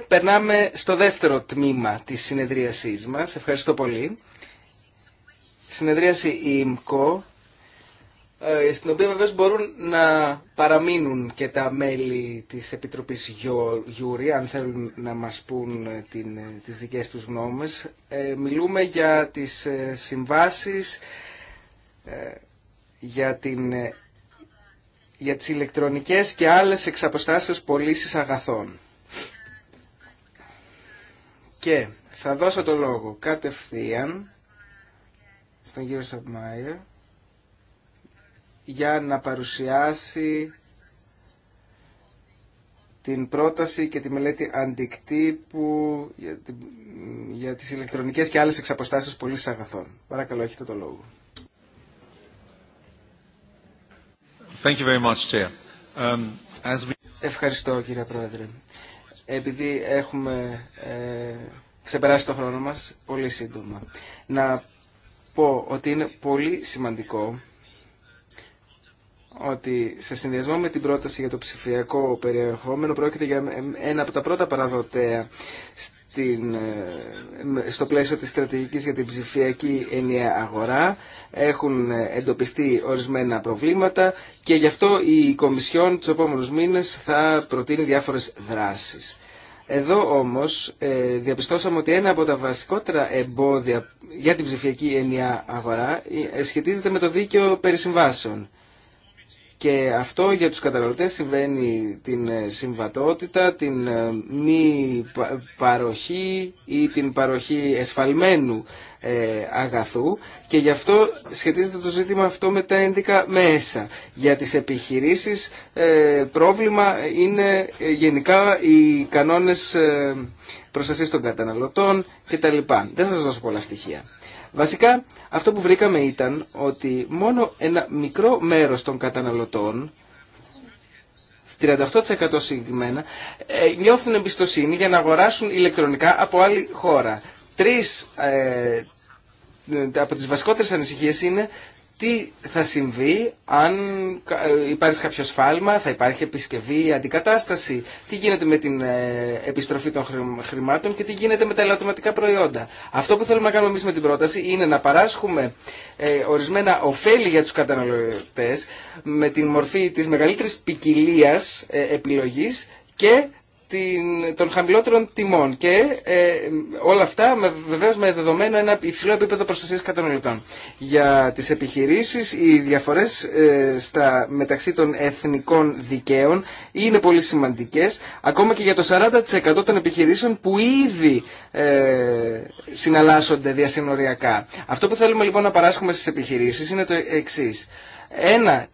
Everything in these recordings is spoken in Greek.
περνάμε στο δεύτερο τμήμα της συνεδρίασής μας. Ευχαριστώ πολύ. Συνεδρίαση ΙΜΚΟ, ε, στην οποία βεβαίως μπορούν να παραμείνουν και τα μέλη της Επιτροπής Γιούρι, αν θέλουν να μας πούν ε, την, ε, τις δικές τους γνώμες. μιλούμε για τις συμβάσεις, για την για τις ηλεκτρονικές και άλλες εξαποστάσεις πωλήσει αγαθών. Και θα δώσω το λόγο κατευθείαν στον κύριο Σαμπμάιερ για να παρουσιάσει την πρόταση και τη μελέτη αντικτύπου για, για τις ηλεκτρονικές και άλλες εξαποστάσεις πωλήσης αγαθών. Παρακαλώ, έχετε το λόγο. Thank you very much, Um, as we... Ευχαριστώ, κύριε Πρόεδρε. Επειδή έχουμε ε, ξεπεράσει το χρόνο μας πολύ σύντομα. Να πω ότι είναι πολύ σημαντικό ότι σε συνδυασμό με την πρόταση για το ψηφιακό περιεχόμενο πρόκειται για ένα από τα πρώτα παραδοτέα στην, ε, στο πλαίσιο της στρατηγικής για την ψηφιακή ενιαία αγορά. Έχουν εντοπιστεί ορισμένα προβλήματα και γι' αυτό η Κομισιόν του επόμενους μήνες θα προτείνει διάφορες δράσεις. Εδώ όμως ε, διαπιστώσαμε ότι ένα από τα βασικότερα εμπόδια για την ψηφιακή ενιαία αγορά ε, σχετίζεται με το δίκαιο περισυμβάσεων. Και αυτό για τους καταναλωτές συμβαίνει την ε, συμβατότητα, την ε, μη παροχή ή την παροχή εσφαλμένου ε, αγαθού και γι' αυτό σχετίζεται το ζήτημα αυτό με τα ένδικα μέσα. Για τις επιχειρήσεις ε, πρόβλημα είναι ε, γενικά οι κανόνες προστασίας των καταναλωτών κτλ. Δεν θα σας δώσω πολλά στοιχεία. Βασικά αυτό που βρήκαμε ήταν ότι μόνο ένα μικρό μέρος των καταναλωτών 38% συγκεκριμένα, νιώθουν εμπιστοσύνη για να αγοράσουν ηλεκτρονικά από άλλη χώρα. Τρεις, ε, από τις βασικότερες ανησυχίες είναι τι θα συμβεί αν ε, υπάρχει κάποιο σφάλμα, θα υπάρχει επισκευή, αντικατάσταση, τι γίνεται με την ε, επιστροφή των χρημάτων και τι γίνεται με τα ελαττωματικά προϊόντα. Αυτό που θέλουμε να κάνουμε εμείς με την πρόταση είναι να παράσχουμε ορισμένα ωφέλη για τους καταναλωτές με την μορφή της μεγαλύτερης ποικιλία επιλογής και την, των χαμηλότερων τιμών και ε, όλα αυτά με, βεβαίως με δεδομένο ένα υψηλό επίπεδο προστασίας καταναλωτών. Για τις επιχειρήσεις οι διαφορές ε, στα, μεταξύ των εθνικών δικαίων είναι πολύ σημαντικές ακόμα και για το 40% των επιχειρήσεων που ήδη ε, συναλλάσσονται διασυνοριακά. Αυτό που θέλουμε λοιπόν να παράσχουμε στις επιχειρήσεις είναι το εξής. Ένα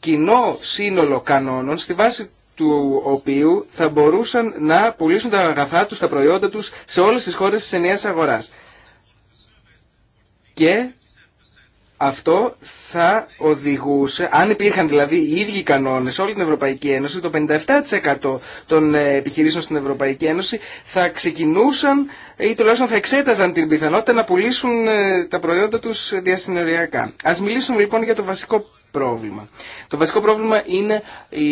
κοινό σύνολο κανόνων στη βάση του οποίου θα μπορούσαν να πουλήσουν τα αγαθά τους, τα προϊόντα τους σε όλες τις χώρες της ενιαίας αγοράς. Και αυτό θα οδηγούσε, αν υπήρχαν δηλαδή οι ίδιοι κανόνες σε όλη την Ευρωπαϊκή Ένωση, το 57% των ε, επιχειρήσεων στην Ευρωπαϊκή Ένωση θα ξεκινούσαν ή τουλάχιστον θα εξέταζαν την πιθανότητα να πουλήσουν ε, τα προϊόντα τους διασυνοριακά. Ας μιλήσουμε λοιπόν για το βασικό πρόβλημα. Το βασικό πρόβλημα είναι η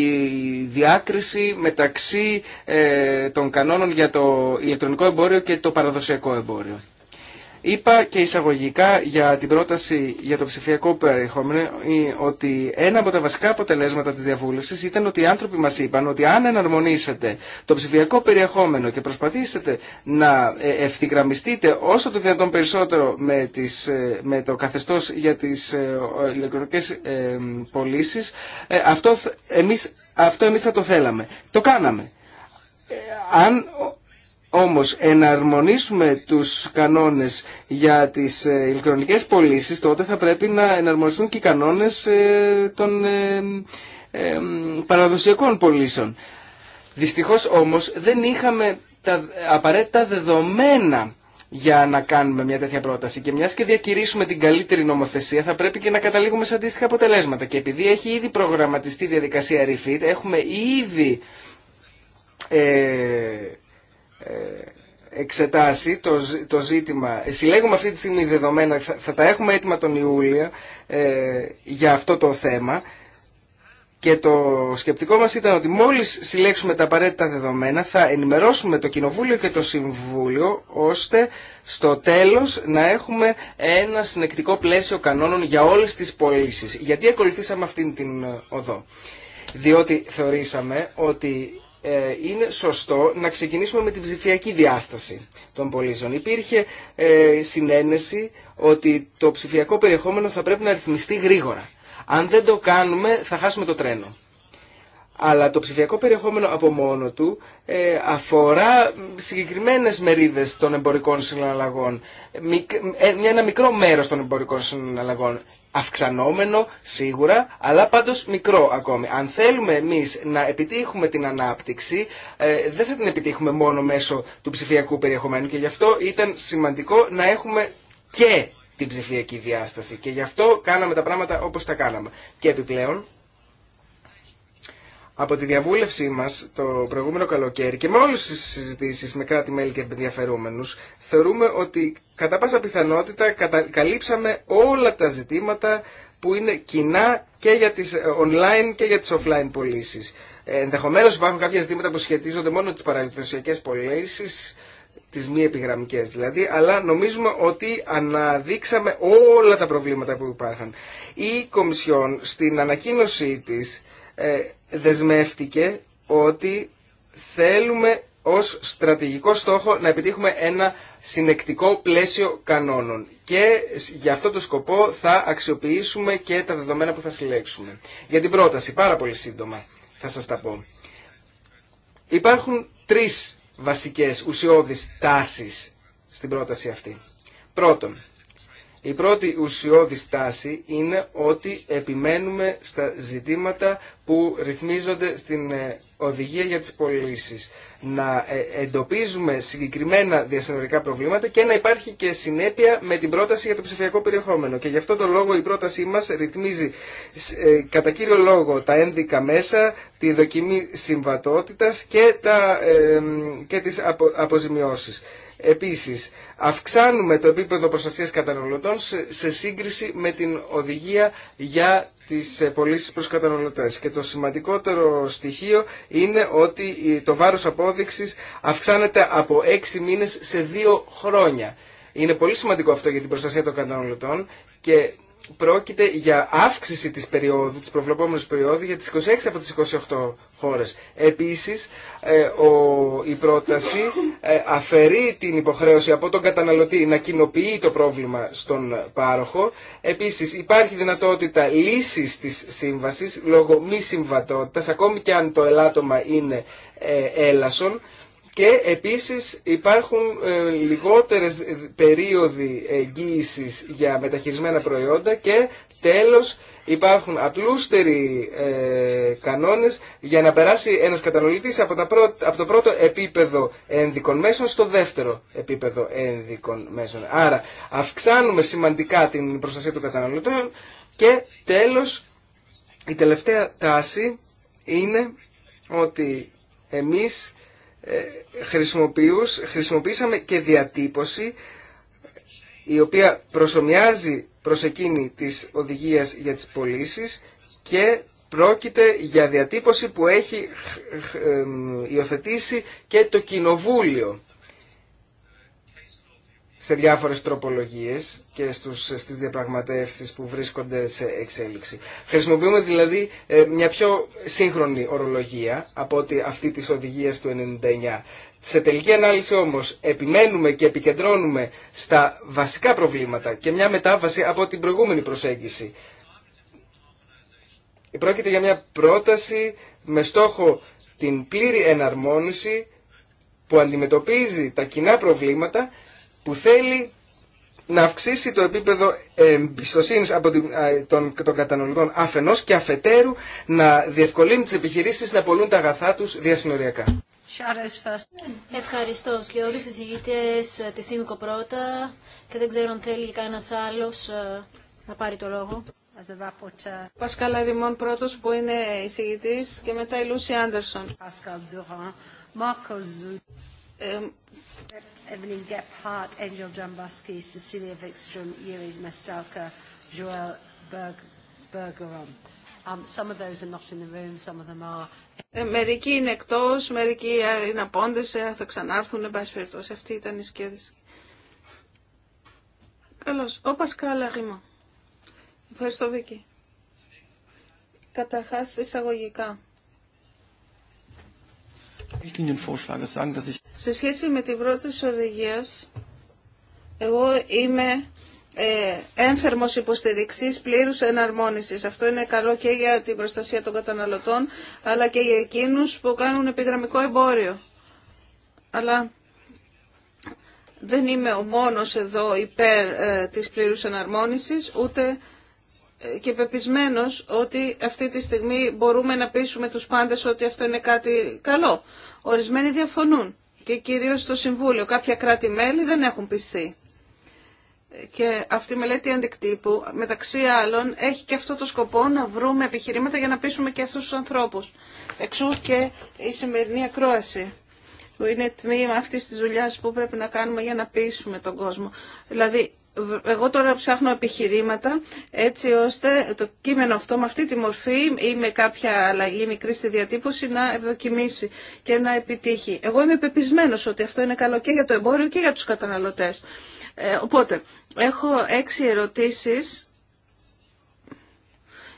διάκριση μεταξύ ε, των κανόνων για το ηλεκτρονικό εμπόριο και το παραδοσιακό εμπόριο. Είπα και εισαγωγικά για την πρόταση για το ψηφιακό περιεχόμενο ε, ότι ένα από τα βασικά αποτελέσματα της διαβούλευσης ήταν ότι οι άνθρωποι μας είπαν ότι αν εναρμονίσετε το ψηφιακό περιεχόμενο και προσπαθήσετε να ε, ευθυγραμμιστείτε όσο το δυνατόν περισσότερο με, τις, ε, με το καθεστώς για τις ηλεκτρονικές πωλήσει, αυτό εμεί αυτό εμείς θα το θέλαμε. Το κάναμε. Αν όμως εναρμονίσουμε τους κανόνες για τις ε, ηλεκτρονικές πωλήσει, τότε θα πρέπει να εναρμονιστούν και οι κανόνες ε, των ε, παραδοσιακών πωλήσεων. Δυστυχώς όμως δεν είχαμε τα απαραίτητα δεδομένα για να κάνουμε μια τέτοια πρόταση. Και μιας και διακηρύσουμε την καλύτερη νομοθεσία, θα πρέπει και να καταλήγουμε σε αντίστοιχα αποτελέσματα. Και επειδή έχει ήδη προγραμματιστεί η διαδικασία refit, έχουμε ήδη ε, ε, εξετάσει το, το ζήτημα. Ε, συλλέγουμε αυτή τη στιγμή δεδομένα, θα, θα τα έχουμε έτοιμα τον Ιούλιο ε, για αυτό το θέμα και το σκεπτικό μας ήταν ότι μόλις συλλέξουμε τα απαραίτητα δεδομένα θα ενημερώσουμε το Κοινοβούλιο και το Συμβούλιο ώστε στο τέλος να έχουμε ένα συνεκτικό πλαίσιο κανόνων για όλες τις πωλήσει. Γιατί ακολουθήσαμε αυτήν την οδό. Διότι θεωρήσαμε ότι ε, είναι σωστό να ξεκινήσουμε με την ψηφιακή διάσταση των πολίσεων. Υπήρχε ε, συνένεση ότι το ψηφιακό περιεχόμενο θα πρέπει να ρυθμιστεί γρήγορα. Αν δεν το κάνουμε θα χάσουμε το τρένο αλλά το ψηφιακό περιεχόμενο από μόνο του ε, αφορά συγκεκριμένες μερίδες των εμπορικών συναλλαγών, ε, ένα μικρό μέρος των εμπορικών συναλλαγών. Αυξανόμενο σίγουρα, αλλά πάντως μικρό ακόμη. Αν θέλουμε εμείς να επιτύχουμε την ανάπτυξη, ε, δεν θα την επιτύχουμε μόνο μέσω του ψηφιακού περιεχομένου και γι' αυτό ήταν σημαντικό να έχουμε και την ψηφιακή διάσταση και γι' αυτό κάναμε τα πράγματα όπως τα κάναμε. Και επιπλέον, από τη διαβούλευσή μας το προηγούμενο καλοκαίρι και με όλε τις συζητήσει με κράτη-μέλη και ενδιαφερόμενου, θεωρούμε ότι κατά πάσα πιθανότητα καλύψαμε όλα τα ζητήματα που είναι κοινά και για τις ε, online και για τις offline πωλήσει. Ε, ενδεχομένως υπάρχουν κάποια ζητήματα που σχετίζονται μόνο με τις παραδοσιακέ πωλήσει, τις μη επιγραμμικέ δηλαδή, αλλά νομίζουμε ότι αναδείξαμε όλα τα προβλήματα που υπάρχουν. Η Κομισιόν στην ανακοίνωσή τη. Ε, δεσμεύτηκε ότι θέλουμε ως στρατηγικό στόχο να επιτύχουμε ένα συνεκτικό πλαίσιο κανόνων. Και για αυτό το σκοπό θα αξιοποιήσουμε και τα δεδομένα που θα συλλέξουμε. Για την πρόταση, πάρα πολύ σύντομα θα σας τα πω. Υπάρχουν τρεις βασικές ουσιώδεις τάσεις στην πρόταση αυτή. Πρώτον, η πρώτη ουσιώδη στάση είναι ότι επιμένουμε στα ζητήματα που ρυθμίζονται στην ε, οδηγία για τις πωλήσει. Να ε, εντοπίζουμε συγκεκριμένα διασυνορικά προβλήματα και να υπάρχει και συνέπεια με την πρόταση για το ψηφιακό περιεχόμενο. Και γι' αυτό το λόγο η πρότασή μας ρυθμίζει ε, κατά κύριο λόγο τα ένδικα μέσα, τη δοκιμή συμβατότητας και, τα, και τις αποζημιώσεις. Επίσης, αυξάνουμε το επίπεδο προστασίας καταναλωτών σε σύγκριση με την οδηγία για τις ε, πωλήσει προς καταναλωτές. Και το σημαντικότερο στοιχείο είναι ότι το βάρος απόδειξης αυξάνεται από 6 μήνες σε 2 χρόνια. Είναι πολύ σημαντικό αυτό για την προστασία των καταναλωτών και πρόκειται για αύξηση της περίοδου, της προβλεπόμενης περίοδου για τις 26 από τις 28 χώρες. Επίσης, ε, η πρόταση ε, αφαιρεί την υποχρέωση από τον καταναλωτή να κοινοποιεί το πρόβλημα στον πάροχο. Επίσης, υπάρχει δυνατότητα λύσης της σύμβασης λόγω μη συμβατότητας, ακόμη και αν το ελάττωμα είναι ε, έλασον και επίσης υπάρχουν ε, λιγότερες ε, περίοδοι εγγύησης για μεταχειρισμένα προϊόντα και τέλος υπάρχουν απλούστεροι ε, κανόνες για να περάσει ένας καταναλωτής από, το πρώτο επίπεδο ένδικων μέσων στο δεύτερο επίπεδο ένδικων μέσων. Άρα αυξάνουμε σημαντικά την προστασία των καταναλωτών και τέλος η τελευταία τάση είναι ότι εμείς ε, χρησιμοποίησαμε και διατύπωση η οποία προσωμιάζει προς εκείνη της οδηγίας για τις πωλήσει και πρόκειται για διατύπωση που έχει υιοθετήσει και το Κοινοβούλιο σε διάφορες τροπολογίες και στους, στις διαπραγματεύσεις που βρίσκονται σε εξέλιξη. Χρησιμοποιούμε δηλαδή ε, μια πιο σύγχρονη ορολογία από ότι αυτή της οδηγίας του 99. Σε τελική ανάλυση όμως επιμένουμε και επικεντρώνουμε στα βασικά προβλήματα και μια μετάβαση από την προηγούμενη προσέγγιση. Πρόκειται για μια πρόταση με στόχο την πλήρη εναρμόνιση που αντιμετωπίζει τα κοινά προβλήματα που θέλει να αυξήσει το επίπεδο εμπιστοσύνη από την, των, των καταναλωτών αφενό και αφετέρου να διευκολύνει τι επιχειρήσει να πολλούν τα αγαθά του διασυνοριακά. Ευχαριστώ. οι συζητητέ ε, τη ΣΥΜΚΟ πρώτα και δεν ξέρω αν θέλει κανένα άλλο ε, να πάρει το λόγο. Πασκάλ Αριμών πρώτο που είναι εισηγητή και μετά η Λούση Άντερσον. Evelyn Gephardt, Angel Cecilia Wikström, Yuri Mestalka, Joel Bergeron. Um, μερικοί είναι εκτός, μερικοί είναι απόντες, ε, θα ξανάρθουν, εν πάση περιπτώσει. Αυτή ήταν η σκέψη. Καλώς. Ο Πασκάλα Ευχαριστώ, Βίκη. Καταρχάς, εισαγωγικά. Σε σχέση με την πρώτη της οδηγίας, εγώ είμαι ε, ένθερμος υποστηριξής πλήρους εναρμόνισης. Αυτό είναι καλό και για την προστασία των καταναλωτών, αλλά και για εκείνους που κάνουν επιγραμμικό εμπόριο. Αλλά δεν είμαι ο μόνος εδώ υπέρ ε, της πλήρους εναρμόνισης, ούτε ε, και πεπισμένος ότι αυτή τη στιγμή μπορούμε να πείσουμε τους πάντες ότι αυτό είναι κάτι καλό. Ορισμένοι διαφωνούν και κυρίως στο Συμβούλιο. Κάποια κράτη-μέλη δεν έχουν πιστεί. Και αυτή η μελέτη αντικτύπου, μεταξύ άλλων, έχει και αυτό το σκοπό να βρούμε επιχειρήματα για να πείσουμε και αυτούς τους ανθρώπους. Εξού και η σημερινή ακρόαση που είναι τμήμα αυτής της δουλειάς που πρέπει να κάνουμε για να πείσουμε τον κόσμο. Δηλαδή, εγώ τώρα ψάχνω επιχειρήματα έτσι ώστε το κείμενο αυτό με αυτή τη μορφή ή με κάποια αλλαγή μικρή στη διατύπωση να ευδοκιμήσει και να επιτύχει. Εγώ είμαι πεπισμένος ότι αυτό είναι καλό και για το εμπόριο και για τους καταναλωτές. Ε, οπότε, έχω έξι ερωτήσεις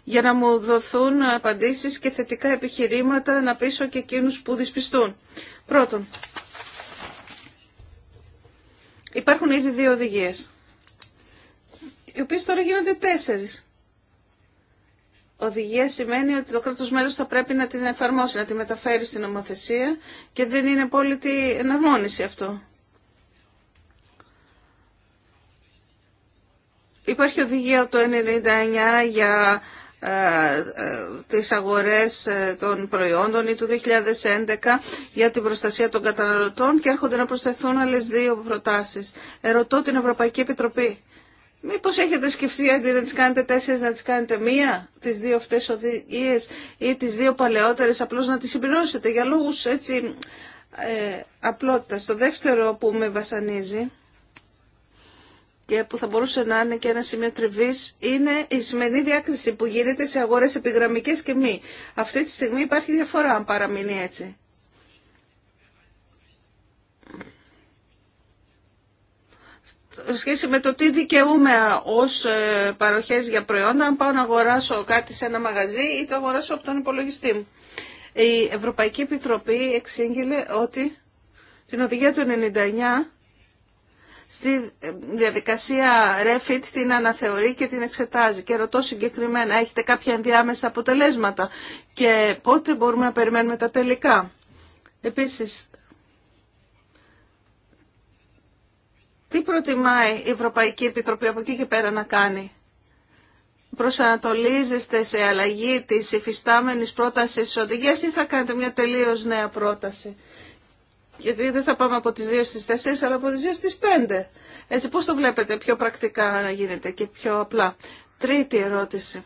για να μου δοθούν απαντήσεις και θετικά επιχειρήματα να πείσω και εκείνους που δυσπιστούν. Πρώτον, υπάρχουν ήδη δύο οδηγίες οι οποίε τώρα γίνονται τέσσερι. Οδηγία σημαίνει ότι το κράτο μέρο θα πρέπει να την εφαρμόσει, να τη μεταφέρει στην νομοθεσία και δεν είναι απόλυτη εναρμόνιση αυτό. Υπάρχει οδηγία το 1999 για ε, ε, τις αγορές ε, των προϊόντων ή του 2011 για την προστασία των καταναλωτών και έρχονται να προσθεθούν άλλες δύο προτάσεις. Ερωτώ την Ευρωπαϊκή Επιτροπή Μήπως έχετε σκεφτεί αντί να τις κάνετε τέσσερις να τις κάνετε μία, τις δύο αυτές οδηγίες ή τις δύο παλαιότερες απλώς να τις συμπληρώσετε για λόγους έτσι ε, απλότητας. Το δεύτερο που με βασανίζει και που θα μπορούσε να είναι και ένα σημείο τριβή, είναι η σημερινή διάκριση που γίνεται σε αγορέ επιγραμμικές και μη. Αυτή τη στιγμή υπάρχει διαφορά αν παραμείνει έτσι. σχέση με το τι δικαιούμαι ως ε, παροχές για προϊόντα, αν πάω να αγοράσω κάτι σε ένα μαγαζί ή το αγοράσω από τον υπολογιστή μου. Η Ευρωπαϊκή Επιτροπή εξήγηλε ότι την οδηγία του 99 στη ε, διαδικασία REFIT την αναθεωρεί και την εξετάζει. Και ρωτώ συγκεκριμένα, έχετε κάποια ενδιάμεσα αποτελέσματα και πότε μπορούμε να περιμένουμε τα τελικά. Επίσης, Τι προτιμάει η Ευρωπαϊκή Επιτροπή από εκεί και πέρα να κάνει. Προσανατολίζεστε σε αλλαγή της υφιστάμενης πρότασης της οδηγίας ή θα κάνετε μια τελείως νέα πρόταση. Γιατί δεν θα πάμε από τις 2 στις 4 αλλά από τις 2 στις 5. Έτσι πώς το βλέπετε πιο πρακτικά να γίνεται και πιο απλά. Τρίτη ερώτηση.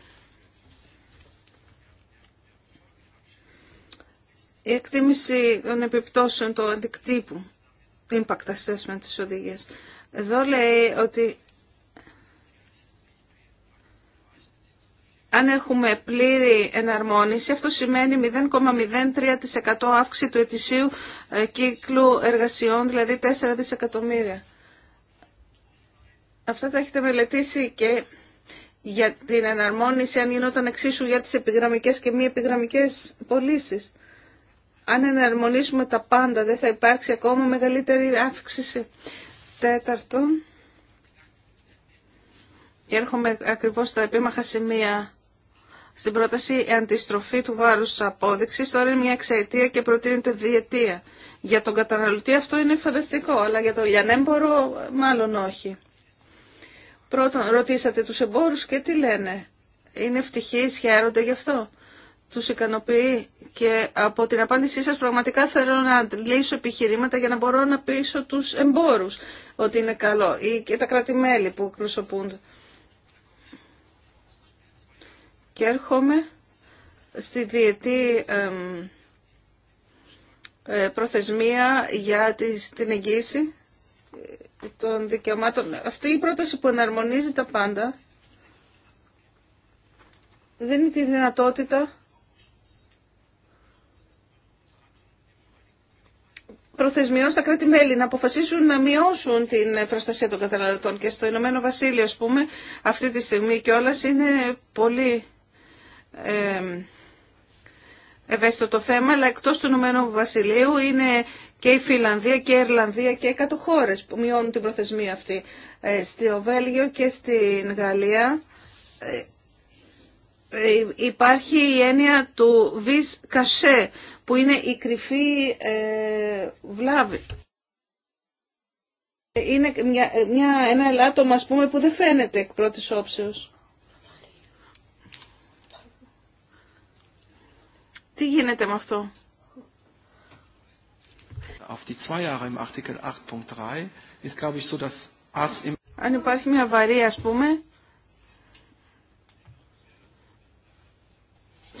Η εκτίμηση των επιπτώσεων του αντικτύπου impact assessment της οδηγίας. Εδώ λέει ότι αν έχουμε πλήρη εναρμόνιση, αυτό σημαίνει 0,03% αύξηση του ετησίου ε, κύκλου εργασιών, δηλαδή 4 δισεκατομμύρια. Αυτά τα έχετε μελετήσει και για την εναρμόνιση, αν γινόταν εξίσου για τις επιγραμμικές και μη επιγραμμικές πωλήσει. Αν εναρμονίσουμε τα πάντα, δεν θα υπάρξει ακόμα μεγαλύτερη αύξηση. Τέταρτο, έρχομαι ακριβώς στα επίμαχα σημεία στην πρόταση αντιστροφή του βάρους της απόδειξης, τώρα είναι μια εξαιτία και προτείνεται διετία. Για τον καταναλωτή αυτό είναι φανταστικό, αλλά για τον λιανέμπορο μάλλον όχι. Πρώτον, ρωτήσατε τους εμπόρους και τι λένε. Είναι ευτυχείς, χαίρονται γι' αυτό τους ικανοποιεί και από την απάντησή σας πραγματικά θέλω να λύσω επιχειρήματα για να μπορώ να πείσω τους εμπόρους ότι είναι καλό ή και τα κρατημέλη που εκπροσωπούν. Και έρχομαι στη διετή ε, προθεσμία για την εγγύηση των δικαιωμάτων. Αυτή η πρόταση που εναρμονίζει τα πάντα δίνει τη δυνατότητα προθεσμιών στα κράτη-μέλη να αποφασίσουν να μειώσουν την προστασία των καταναλωτών. Και στο Ηνωμένο Βασίλειο, α πούμε, αυτή τη στιγμή κιόλα είναι πολύ ε, ευαίσθητο το θέμα, αλλά εκτό του Ηνωμένου Βασιλείου είναι και η Φιλανδία και η Ιρλανδία και κάτω χώρε που μειώνουν την προθεσμία αυτή. Ε, στο Βέλγιο και στην Γαλλία ε, ε, υπάρχει η έννοια του vis κασέ που είναι η κρυφή ε, βλάβη. Είναι μια, μια, ένα ελάττωμα ας πούμε που δεν φαίνεται εκ πρώτης όψεως. Τι γίνεται με αυτό. Auf die zwei Jahre im Artikel 8.3 ist, glaube ich, so, dass As... Αν υπάρχει μια βαρύ, ας πούμε,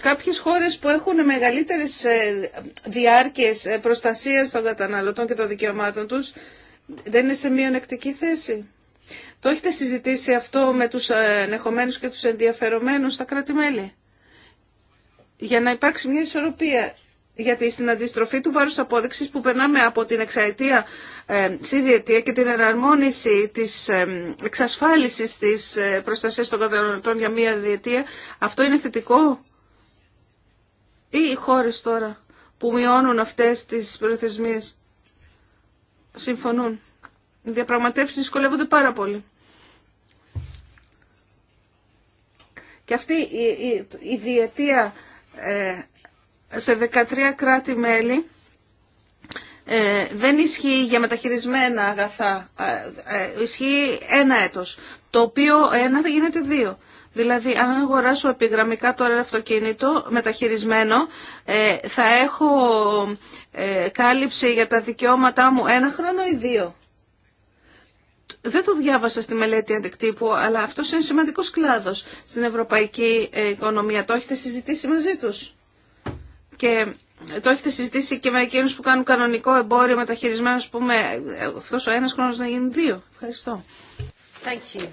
κάποιες χώρες που έχουν μεγαλύτερες ε, διάρκειες ε, προστασίας των καταναλωτών και των δικαιωμάτων τους δεν είναι σε μειονεκτική θέση. Το έχετε συζητήσει αυτό με τους ε, ενεχομένους και τους ενδιαφερομένους στα κράτη-μέλη. Για να υπάρξει μια ισορροπία. Γιατί στην αντιστροφή του βάρους απόδειξης που περνάμε από την εξαετία στη διετία και την εναρμόνιση της εξασφάλισης της προστασίας των καταναλωτών για μια διετία, αυτό είναι θετικό ή οι χώρες τώρα που μειώνουν αυτές τις προθεσμίες συμφωνούν. Οι διαπραγματεύσεις δυσκολεύονται πάρα πολύ. Και αυτή η, η, ε, σε 13 κράτη-μέλη ε, δεν ισχύει για μεταχειρισμένα αγαθά. Ε, ε, ισχύει ένα έτος, το οποίο ένα θα γίνεται δύο. Δηλαδή, αν αγοράσω επιγραμμικά τώρα αυτοκίνητο μεταχειρισμένο, ε, θα έχω ε, κάλυψη για τα δικαιώματά μου ένα χρόνο ή δύο. Δεν το διάβασα στη μελέτη αντικτύπου, αλλά αυτό είναι σημαντικό κλάδο στην ευρωπαϊκή ε, οικονομία. Το έχετε συζητήσει μαζί του. Και το έχετε συζητήσει και με εκείνου που κάνουν κανονικό εμπόριο μεταχειρισμένο, α πούμε, αυτό ο ένα χρόνο να γίνει δύο. Ευχαριστώ. Thank you.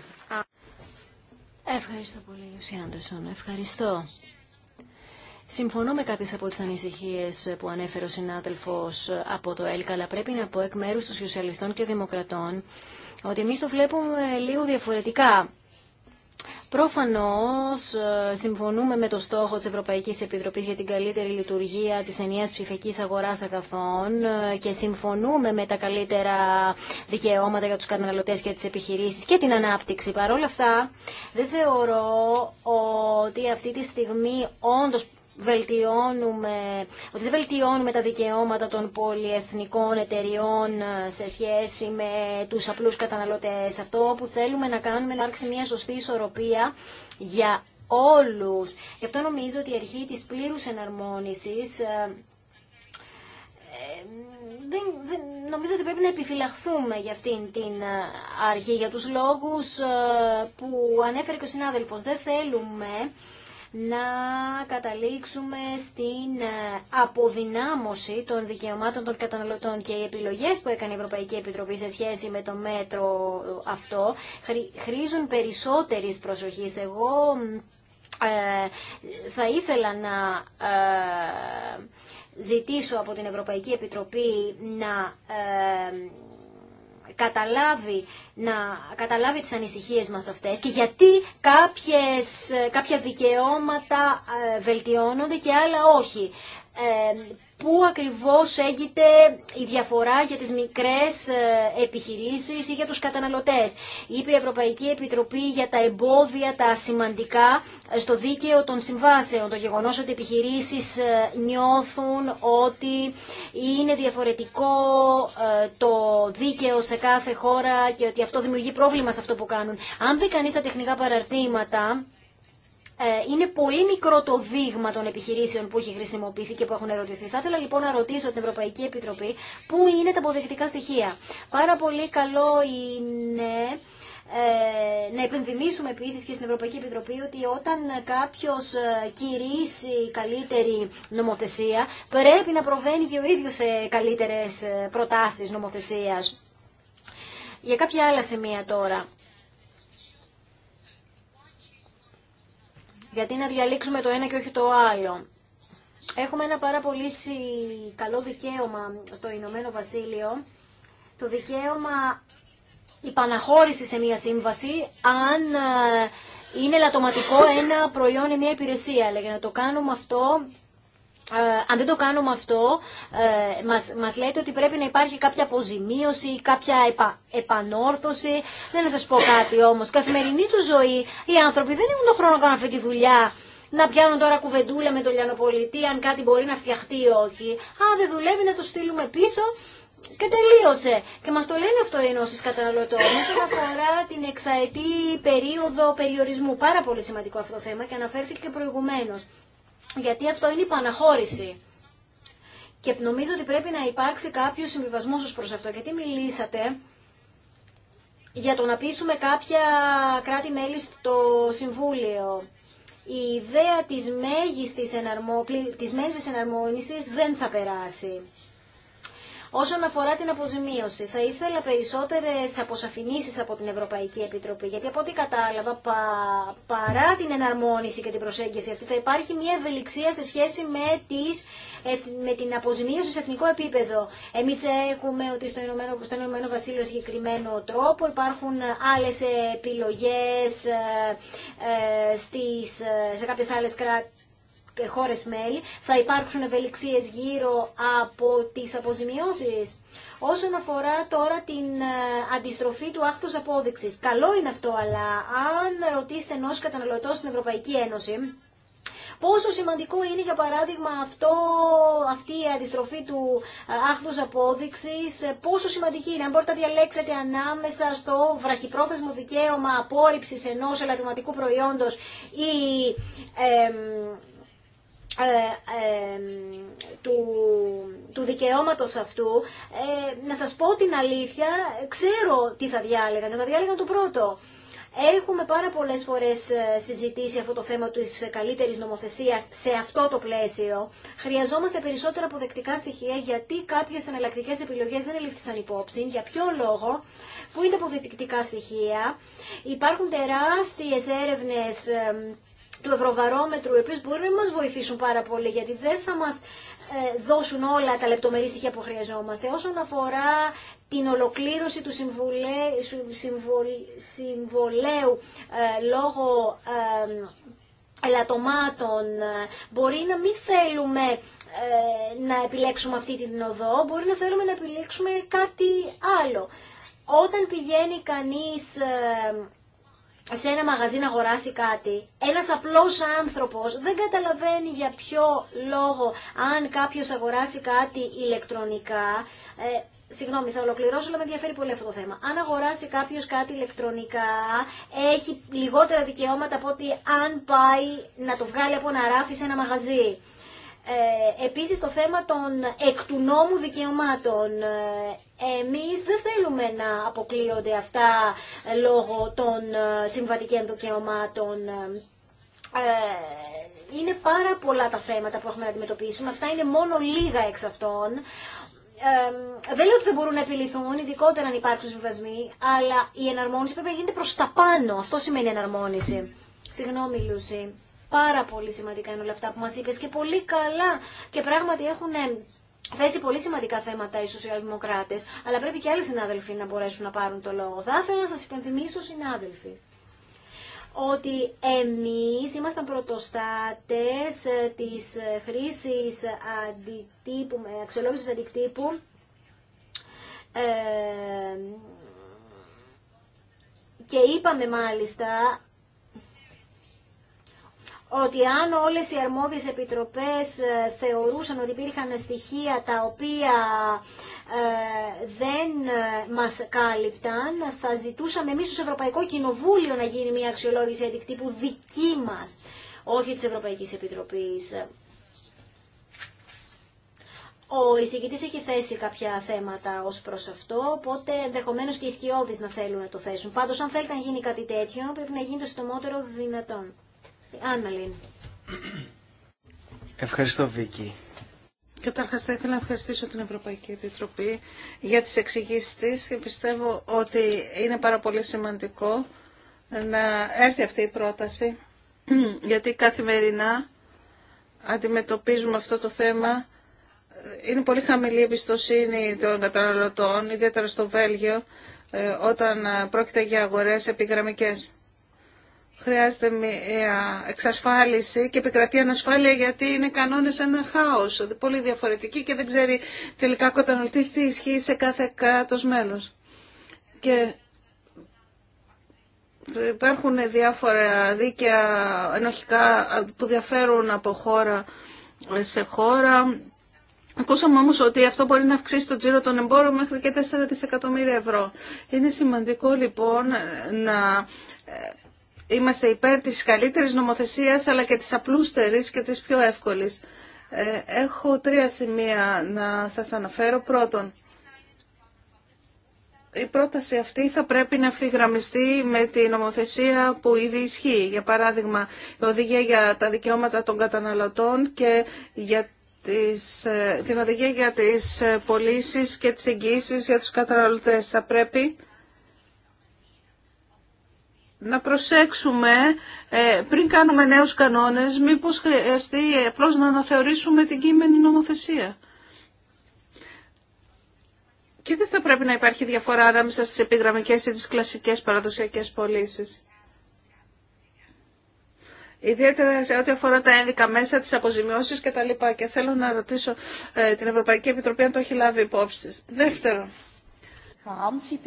Ευχαριστώ πολύ, Λουσί Άντερσον. Ευχαριστώ. Συμφωνώ με κάποιε από τι ανησυχίε που ανέφερε ο συνάδελφο από το ΕΛΚΑ, αλλά πρέπει να πω εκ μέρου των Σοσιαλιστών και Δημοκρατών ότι εμεί το βλέπουμε λίγο διαφορετικά Πρόφανώς ε, συμφωνούμε με το στόχο της Ευρωπαϊκής Επιτροπής για την καλύτερη λειτουργία της ενιαίας ψηφιακής αγοράς αγαθών ε, και συμφωνούμε με τα καλύτερα δικαιώματα για τους καταναλωτές και τις επιχειρήσεις και την ανάπτυξη. Παρ' όλα αυτά δεν θεωρώ ότι αυτή τη στιγμή όντως βελτιώνουμε, ότι δεν βελτιώνουμε τα δικαιώματα των πολυεθνικών εταιριών ε, σε σχέση με τους απλούς καταναλωτές. Αυτό που θέλουμε να κάνουμε να άρξει μια σωστή ισορροπία για όλους. Γι' αυτό νομίζω ότι η αρχή της πλήρους εναρμόνισης ε, ε, δεν, νομίζω ότι πρέπει να επιφυλαχθούμε για αυτήν την αρχή, για τους λόγους που ανέφερε και ο συνάδελφος. Δεν θέλουμε να καταλήξουμε στην ε, αποδυνάμωση των δικαιωμάτων των καταναλωτών και οι επιλογές που έκανε η Ευρωπαϊκή Επιτροπή σε σχέση με το μέτρο ε, αυτό χρήζουν περισσότερης προσοχής. Εγώ ε, θα ήθελα να... Ε, ζητήσω από την Ευρωπαϊκή Επιτροπή να καταλάβει, να καταλάβει τις ανησυχίες μας αυτές και γιατί κάποιες, κάποια δικαιώματα ε, βελτιώνονται και άλλα όχι. Ε, πού ακριβώς έγινε η διαφορά για τις μικρές ε, επιχειρήσεις ή για τους καταναλωτές. Είπε η Ευρωπαϊκή Επιτροπή για τα εμπόδια, τα σημαντικά στο δίκαιο των συμβάσεων. Το γεγονός ότι οι επιχειρήσεις ε, νιώθουν ότι είναι διαφορετικό ε, το δίκαιο σε κάθε χώρα και ότι αυτό δημιουργεί πρόβλημα σε αυτό που κάνουν. Αν δει κανείς τα τεχνικά παραρτήματα, ε, είναι πολύ μικρό το δείγμα των επιχειρήσεων που έχει χρησιμοποιηθεί και που έχουν ερωτηθεί. Θα ήθελα λοιπόν να ρωτήσω την Ευρωπαϊκή Επιτροπή πού είναι τα αποδεικτικά στοιχεία. Πάρα πολύ καλό είναι ε, να επενδυμίσουμε επίση και στην Ευρωπαϊκή Επιτροπή ότι όταν κάποιο ε, κηρύσει καλύτερη νομοθεσία, πρέπει να προβαίνει και ο ίδιο σε καλύτερε προτάσει νομοθεσία. Για κάποια άλλα σημεία τώρα. Γιατί να διαλύξουμε το ένα και όχι το άλλο. Έχουμε ένα πάρα πολύ καλό δικαίωμα στο Ηνωμένο Βασίλειο, το δικαίωμα υπαναχώρηση σε μία σύμβαση, αν ε, είναι λατωματικό ένα προϊόν ή μία υπηρεσία. Αλλά για να το κάνουμε αυτό ε, αν δεν το κάνουμε αυτό, ε, μας, μας λέτε ότι πρέπει να υπάρχει κάποια αποζημίωση, κάποια επα, επανόρθωση. Δεν να σας πω κάτι όμως. Καθημερινή του ζωή, οι άνθρωποι δεν έχουν τον χρόνο να κάνουν αυτή τη δουλειά να πιάνουν τώρα κουβεντούλα με τον Λιανοπολιτή, αν κάτι μπορεί να φτιαχτεί ή όχι. Αν δεν δουλεύει, να το στείλουμε πίσω και τελείωσε. Και μας το λένε αυτό οι ενώσεις καταναλωτών όσον αφορά την εξαετή περίοδο περιορισμού. Πάρα πολύ σημαντικό αυτό το θέμα και αναφέρθηκε και προηγουμένως γιατί αυτό είναι η παναχώρηση. Και νομίζω ότι πρέπει να υπάρξει κάποιο συμβιβασμό ω προ αυτό. Γιατί μιλήσατε για το να πείσουμε κάποια κράτη-μέλη στο Συμβούλιο. Η ιδέα της μέγιστης, της μέγιστης δεν θα περάσει. Όσον αφορά την αποζημίωση, θα ήθελα περισσότερες αποσαφηνήσει από την Ευρωπαϊκή Επιτροπή, γιατί από ό,τι κατάλαβα, παρά την εναρμόνιση και την προσέγγιση αυτή, θα υπάρχει μια ευελιξία σε σχέση με, τις, ε, με την αποζημίωση σε εθνικό επίπεδο. Εμείς έχουμε ότι στο Ηνωμένο, στο Ηνωμένο Βασίλειο συγκεκριμένο τρόπο, υπάρχουν άλλε επιλογέ ε, ε, σε κάποιε άλλε κράτη ε, χώρες μέλη, θα υπάρξουν ευελιξίες γύρω από τις αποζημιώσεις. Όσον αφορά τώρα την ε, αντιστροφή του άχθους απόδειξης, καλό είναι αυτό, αλλά αν ρωτήσετε ενός καταναλωτό στην Ευρωπαϊκή Ένωση, Πόσο σημαντικό είναι, για παράδειγμα, αυτό, αυτή η αντιστροφή του ε, άχθους απόδειξης, πόσο σημαντική είναι, αν μπορείτε να διαλέξετε ανάμεσα στο βραχυπρόθεσμο δικαίωμα απόρριψης ενός ελαττωματικού προϊόντος ή ε, του, του δικαιώματος αυτού, ε, να σας πω την αλήθεια, ξέρω τι θα διάλεγα, θα διάλεγαν το πρώτο. Έχουμε πάρα πολλές φορές ε, συζητήσει αυτό το θέμα της καλύτερης νομοθεσίας σε αυτό το πλαίσιο. Χρειαζόμαστε περισσότερα αποδεκτικά στοιχεία γιατί κάποιες εναλλακτικές επιλογές δεν ελήφθησαν υπόψη. Για ποιο λόγο, που είναι αποδεκτικά στοιχεία, υπάρχουν τεράστιες έρευνες του Ευρωβαρόμετρου, οι οποίε μπορεί να μα βοηθήσουν πάρα πολύ, γιατί δεν θα μα ε, δώσουν όλα τα λεπτομερή στοιχεία που χρειαζόμαστε. Όσον αφορά την ολοκλήρωση του συμβολέου ε, λόγω ε, ελαττωμάτων, μπορεί να μην θέλουμε να επιλέξουμε αυτή την οδό, μπορεί να θέλουμε να επιλέξουμε κάτι άλλο. Όταν πηγαίνει κανείς σε ένα μαγαζί να αγοράσει κάτι, ένας απλός άνθρωπος δεν καταλαβαίνει για ποιο λόγο αν κάποιος αγοράσει κάτι ηλεκτρονικά, ε, Συγγνώμη, θα ολοκληρώσω, αλλά με ενδιαφέρει πολύ αυτό το θέμα. Αν αγοράσει κάποιος κάτι ηλεκτρονικά, έχει λιγότερα δικαιώματα από ότι αν πάει να το βγάλει από ένα ράφι σε ένα μαγαζί. Ε, επίσης το θέμα των εκ του νόμου δικαιωμάτων. Ε, εμείς δεν θέλουμε να αποκλείονται αυτά λόγω των ε, συμβατικών δικαιωμάτων. Ε, είναι πάρα πολλά τα θέματα που έχουμε να αντιμετωπίσουμε. Αυτά είναι μόνο λίγα εξ αυτών. Ε, δεν λέω ότι δεν μπορούν να επιληθούν, ειδικότερα αν υπάρχουν συμβασμοί, αλλά η εναρμόνιση πρέπει να γίνεται προς τα πάνω. Αυτό σημαίνει εναρμόνιση. Συγγνώμη, Λούση πάρα πολύ σημαντικά είναι όλα αυτά που μας είπες και πολύ καλά και πράγματι έχουν ε, θέσει πολύ σημαντικά θέματα οι σοσιαλδημοκράτες, αλλά πρέπει και άλλοι συνάδελφοι να μπορέσουν να πάρουν το λόγο. Θα ήθελα να σας υπενθυμίσω, συνάδελφοι, ότι εμείς ήμασταν πρωτοστάτες ε, της ε, χρήσης αξιολόγηση αξιολόγησης αντικτύπου και είπαμε μάλιστα ότι αν όλες οι αρμόδιες επιτροπές ε, θεωρούσαν ότι υπήρχαν στοιχεία τα οποία ε, δεν ε, μας κάλυπταν, θα ζητούσαμε εμείς ως Ευρωπαϊκό Κοινοβούλιο να γίνει μια αξιολόγηση αντικτύπου δική μας, όχι της Ευρωπαϊκής Επιτροπής. Ο εισηγητή έχει θέσει κάποια θέματα ω προ αυτό, οπότε ενδεχομένω και οι σκιώδει να θέλουν να το θέσουν. Πάντω, αν θέλει να γίνει κάτι τέτοιο, πρέπει να γίνει το συντομότερο δυνατόν. Ευχαριστώ Βίκη. Καταρχά, θα ήθελα να ευχαριστήσω την Ευρωπαϊκή Επιτροπή για τι εξηγήσει τη και πιστεύω ότι είναι πάρα πολύ σημαντικό να έρθει αυτή η πρόταση, γιατί καθημερινά αντιμετωπίζουμε αυτό το θέμα. Είναι πολύ χαμηλή η εμπιστοσύνη των καταναλωτών, ιδιαίτερα στο Βέλγιο, ε, όταν πρόκειται για αγορές επιγραμμικές χρειάζεται μια εξασφάλιση και επικρατεί ανασφάλεια γιατί είναι κανόνες ένα χάο πολύ διαφορετική και δεν ξέρει τελικά κατανοητή τι ισχύει σε κάθε κράτος μέλος. Και υπάρχουν διάφορα δίκαια ενοχικά που διαφέρουν από χώρα σε χώρα. Ακούσαμε όμως ότι αυτό μπορεί να αυξήσει το τζίρο των εμπόρων μέχρι και 4 δισεκατομμύρια ευρώ. Είναι σημαντικό λοιπόν να είμαστε υπέρ της καλύτερης νομοθεσίας αλλά και της απλούστερης και της πιο εύκολης. Ε, έχω τρία σημεία να σας αναφέρω. Πρώτον, η πρόταση αυτή θα πρέπει να ευθυγραμμιστεί με τη νομοθεσία που ήδη ισχύει. Για παράδειγμα, η οδηγία για τα δικαιώματα των καταναλωτών και για τις, ε, την οδηγία για τις ε, πωλήσει και τις εγγύησεις για τους καταναλωτές. Θα πρέπει να προσέξουμε ε, πριν κάνουμε νέους κανόνες μήπως χρειαστεί απλώς να αναθεωρήσουμε την κείμενη νομοθεσία. Και δεν θα πρέπει να υπάρχει διαφορά ανάμεσα στις επιγραμμικές ή τις κλασικές παραδοσιακές πωλήσει. Ιδιαίτερα σε ό,τι αφορά τα ένδικα μέσα, τις αποζημιώσεις λοιπά Και θέλω να ρωτήσω ε, την Ευρωπαϊκή Επιτροπή αν το έχει λάβει υπόψη. Δεύτερον, η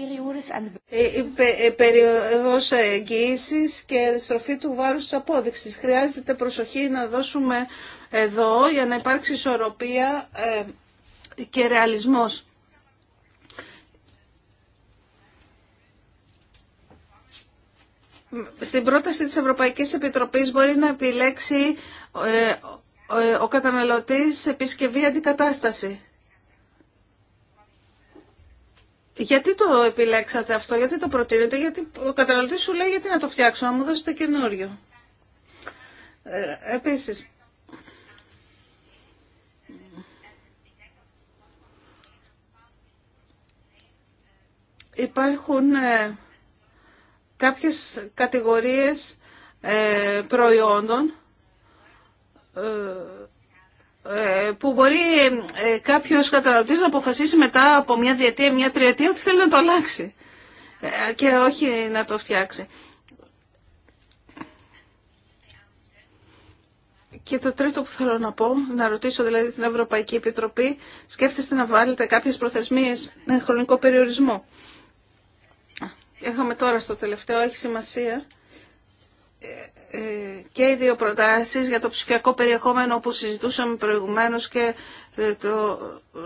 ε, ε, ε, περίοδος εγγύησης και στροφή του βάρους της απόδειξης. Χρειάζεται προσοχή να δώσουμε εδώ για να υπάρξει ισορροπία και ρεαλισμός. Στην πρόταση της Ευρωπαϊκής Επιτροπής μπορεί να επιλέξει ο καταναλωτής επισκευή αντικατάσταση. Γιατί το επιλέξατε αυτό, γιατί το προτείνετε, γιατί ο καταναλωτής σου λέει γιατί να το φτιάξω, να μου δώσετε καινούριο. Ε, επίσης, υπάρχουν ε, κάποιες κατηγορίες ε, προϊόντων ε, ε, που μπορεί ε, κάποιο καταναλωτή να αποφασίσει μετά από μια διετία, μια τριετία ότι θέλει να το αλλάξει ε, και όχι να το φτιάξει. Και το τρίτο που θέλω να πω, να ρωτήσω δηλαδή την Ευρωπαϊκή Επιτροπή, σκέφτεστε να βάλετε κάποιες προθεσμίες με χρονικό περιορισμό. Έχαμε τώρα στο τελευταίο, έχει σημασία ε, και οι δύο προτάσεις για το ψηφιακό περιεχόμενο που συζητούσαμε προηγουμένως και ε, το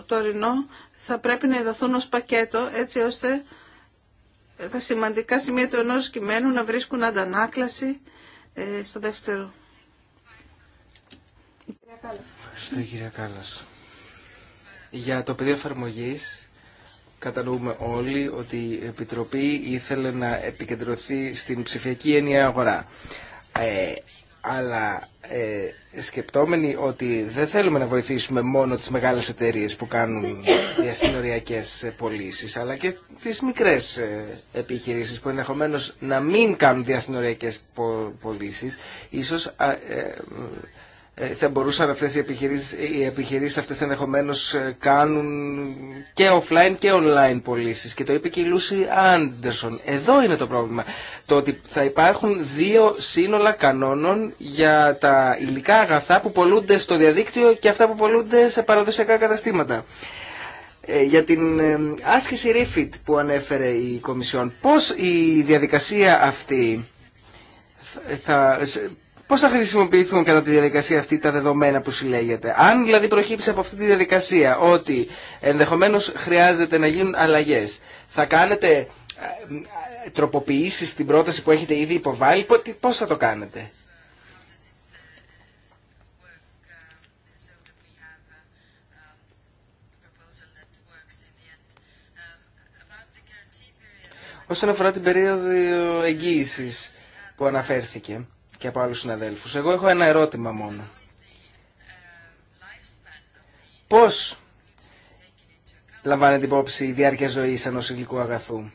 τωρινό θα πρέπει να ειδωθούν ως πακέτο έτσι ώστε τα σημαντικά σημεία του ενός κειμένου να βρίσκουν αντανάκλαση ε, στο δεύτερο. Ευχαριστώ κυρία Κάλλας. Για το πεδίο εφαρμογή. Κατανοούμε όλοι ότι η Επιτροπή ήθελε να επικεντρωθεί στην ψηφιακή ενιαία αγορά. Ε, αλλά ε, σκεπτόμενοι ότι δεν θέλουμε να βοηθήσουμε μόνο τις μεγάλες εταιρείες που κάνουν διασυνοριακές πωλήσει, αλλά και τις μικρές ε, επιχειρήσεις που ενδεχομένως να μην κάνουν διασυνοριακές πωλήσει, ίσως ε, θα μπορούσαν αυτές οι επιχειρήσεις, οι επιχειρήσεις αυτές ενδεχομένως ε, κάνουν και offline και online πωλήσεις. Και το είπε και η Λούση Άντερσον. Εδώ είναι το πρόβλημα. Το ότι θα υπάρχουν δύο σύνολα κανόνων για τα υλικά αγαθά που πολλούνται στο διαδίκτυο και αυτά που πολλούνται σε παραδοσιακά καταστήματα. Ε, για την άσκηση Refit που ανέφερε η Κομισιόν, πώς η διαδικασία αυτή θα, Πώς θα χρησιμοποιηθούν κατά τη διαδικασία αυτή τα δεδομένα που συλλέγεται. Αν δηλαδή προχύψει από αυτή τη διαδικασία ότι ενδεχομένως χρειάζεται να γίνουν αλλαγές, θα κάνετε ε, ε, τροποποιήσεις στην πρόταση που έχετε ήδη υποβάλει, πώς θα το κάνετε. Όσον αφορά την περίοδο εγγύησης που αναφέρθηκε, και από άλλους συναδέλφους. Εγώ έχω ένα ερώτημα μόνο. Πώς λαμβάνεται υπόψη η διάρκεια ζωής ενός υλικού αγαθού.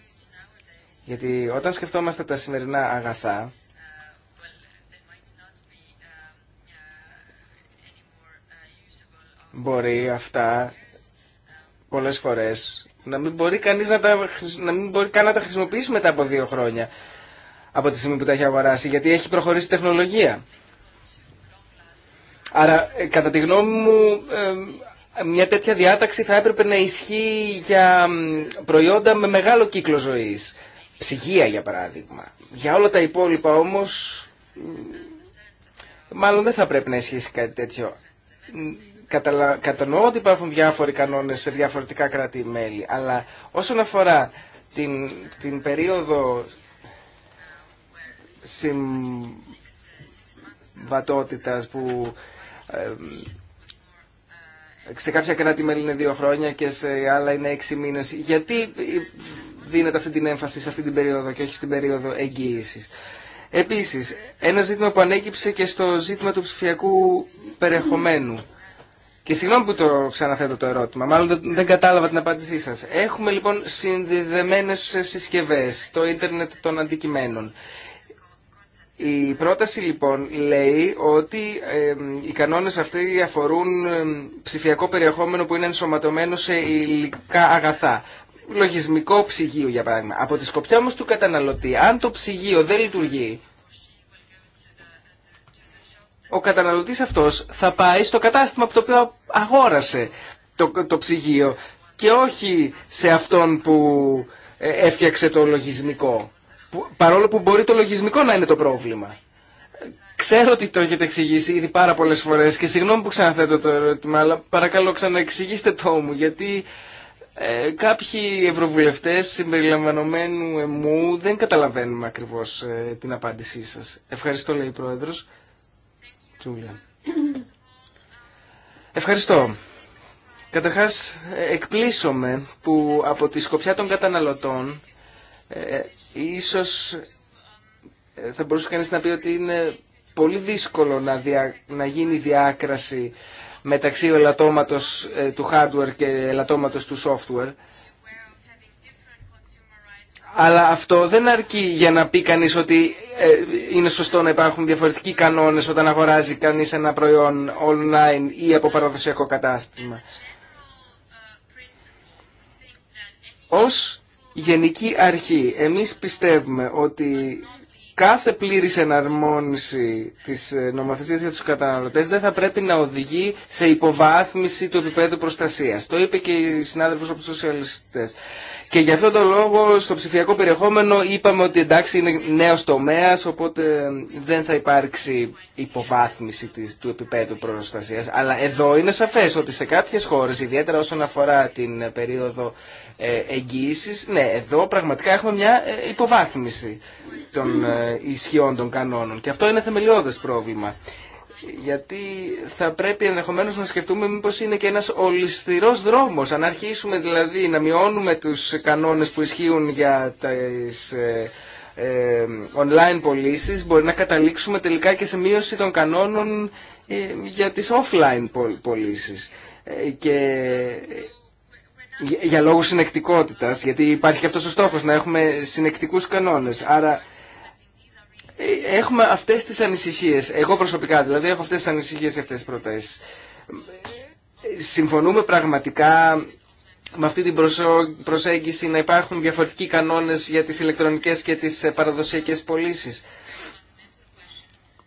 Γιατί όταν σκεφτόμαστε τα σημερινά αγαθά, μπορεί αυτά πολλές φορές να μην μπορεί κανείς να τα, να μην μπορεί καν να τα χρησιμοποιήσει μετά από δύο χρόνια από τη στιγμή που τα έχει αγοράσει, γιατί έχει προχωρήσει τεχνολογία. Άρα, ε, κατά τη γνώμη μου, ε, μια τέτοια διάταξη θα έπρεπε να ισχύει για προϊόντα με μεγάλο κύκλο ζωής. Ψυγεία, για παράδειγμα. Για όλα τα υπόλοιπα, όμως, μάλλον δεν θα πρέπει να ισχύσει κάτι τέτοιο. Καταλα... Κατανοώ ότι υπάρχουν διάφοροι κανόνες σε διαφορετικά κράτη-μέλη, αλλά όσον αφορά την, την περίοδο συμβατότητας που σε κάποια κράτη-μέλη είναι δύο χρόνια και σε άλλα είναι έξι μήνες. Γιατί δίνεται αυτή την έμφαση σε αυτή την περίοδο και όχι στην περίοδο εγγύηση. Επίσης, ένα ζήτημα που ανέκυψε και στο ζήτημα του ψηφιακού περιεχομένου. Και συγγνώμη που το ξαναθέτω το ερώτημα, μάλλον δεν κατάλαβα την απάντησή σας. Έχουμε λοιπόν συνδεδεμένες συσκευές, το ίντερνετ των αντικειμένων. Η πρόταση λοιπόν λέει ότι οι κανόνες αυτοί αφορούν ψηφιακό περιεχόμενο που είναι ενσωματωμένο σε υλικά αγαθά. Λογισμικό ψυγείο για παράδειγμα. Από τη σκοπιά όμως του καταναλωτή, αν το ψυγείο δεν λειτουργεί, ο καταναλωτής αυτός θα πάει στο κατάστημα από το οποίο αγόρασε το, το ψυγείο και όχι σε αυτόν που ε, έφτιαξε το λογισμικό παρόλο που μπορεί το λογισμικό να είναι το πρόβλημα. Ξέρω ότι το έχετε εξηγήσει ήδη πάρα πολλές φορές και συγγνώμη που ξαναθέτω το ερώτημα, αλλά παρακαλώ ξαναεξηγήστε το μου, γιατί ε, κάποιοι ευρωβουλευτές συμπεριλαμβανομένου εμού δεν καταλαβαίνουμε ακριβώς ε, την απάντησή σας. Ευχαριστώ, λέει η Πρόεδρος. Τζούλια. Ευχαριστώ. Καταρχάς, ε, εκπλήσωμαι που από τη σκοπιά των καταναλωτών ε, ίσως ε, θα μπορούσε κανείς να πει ότι είναι πολύ δύσκολο να, δια, να γίνει διάκραση μεταξύ ελαττώματος ε, του hardware και ελαττώματος του software. Αλλά αυτό δεν αρκεί για να πει κανείς ότι ε, είναι σωστό να υπάρχουν διαφορετικοί κανόνες όταν αγοράζει κανείς ένα προϊόν online ή από παραδοσιακό κατάστημα. Ως γενική αρχή. Εμείς πιστεύουμε ότι κάθε πλήρης εναρμόνιση της νομοθεσίας για τους καταναλωτές δεν θα πρέπει να οδηγεί σε υποβάθμιση του επίπεδου προστασίας. Το είπε και η συνάδελφος από τους σοσιαλιστές. Και γι' αυτόν τον λόγο στο ψηφιακό περιεχόμενο είπαμε ότι εντάξει είναι νέος τομέας οπότε δεν θα υπάρξει υποβάθμιση της, του επίπεδου προστασίας. Αλλά εδώ είναι σαφές ότι σε κάποιες χώρες, ιδιαίτερα όσον αφορά την περίοδο ε, εγγύησης, ναι, εδώ πραγματικά έχουμε μια ε, υποβάθμιση των ε, ισχυών των κανόνων. Και αυτό είναι θεμελιώδες πρόβλημα γιατί θα πρέπει ενδεχομένω να σκεφτούμε μήπως είναι και ένας ολισθηρός δρόμος. Αν αρχίσουμε δηλαδή να μειώνουμε τους κανόνες που ισχύουν για τις ε, ε online πωλήσει, μπορεί να καταλήξουμε τελικά και σε μείωση των κανόνων ε, για τις offline πωλήσει. Ε, και για λόγους συνεκτικότητας, γιατί υπάρχει και αυτός ο στόχος να έχουμε συνεκτικούς κανόνες. Άρα έχουμε αυτές τις ανησυχίες. Εγώ προσωπικά δηλαδή έχω αυτές τις ανησυχίες αυτές τις προτάσεις. Συμφωνούμε πραγματικά με αυτή την προσέγγιση να υπάρχουν διαφορετικοί κανόνες για τις ηλεκτρονικές και τις παραδοσιακές πωλήσει.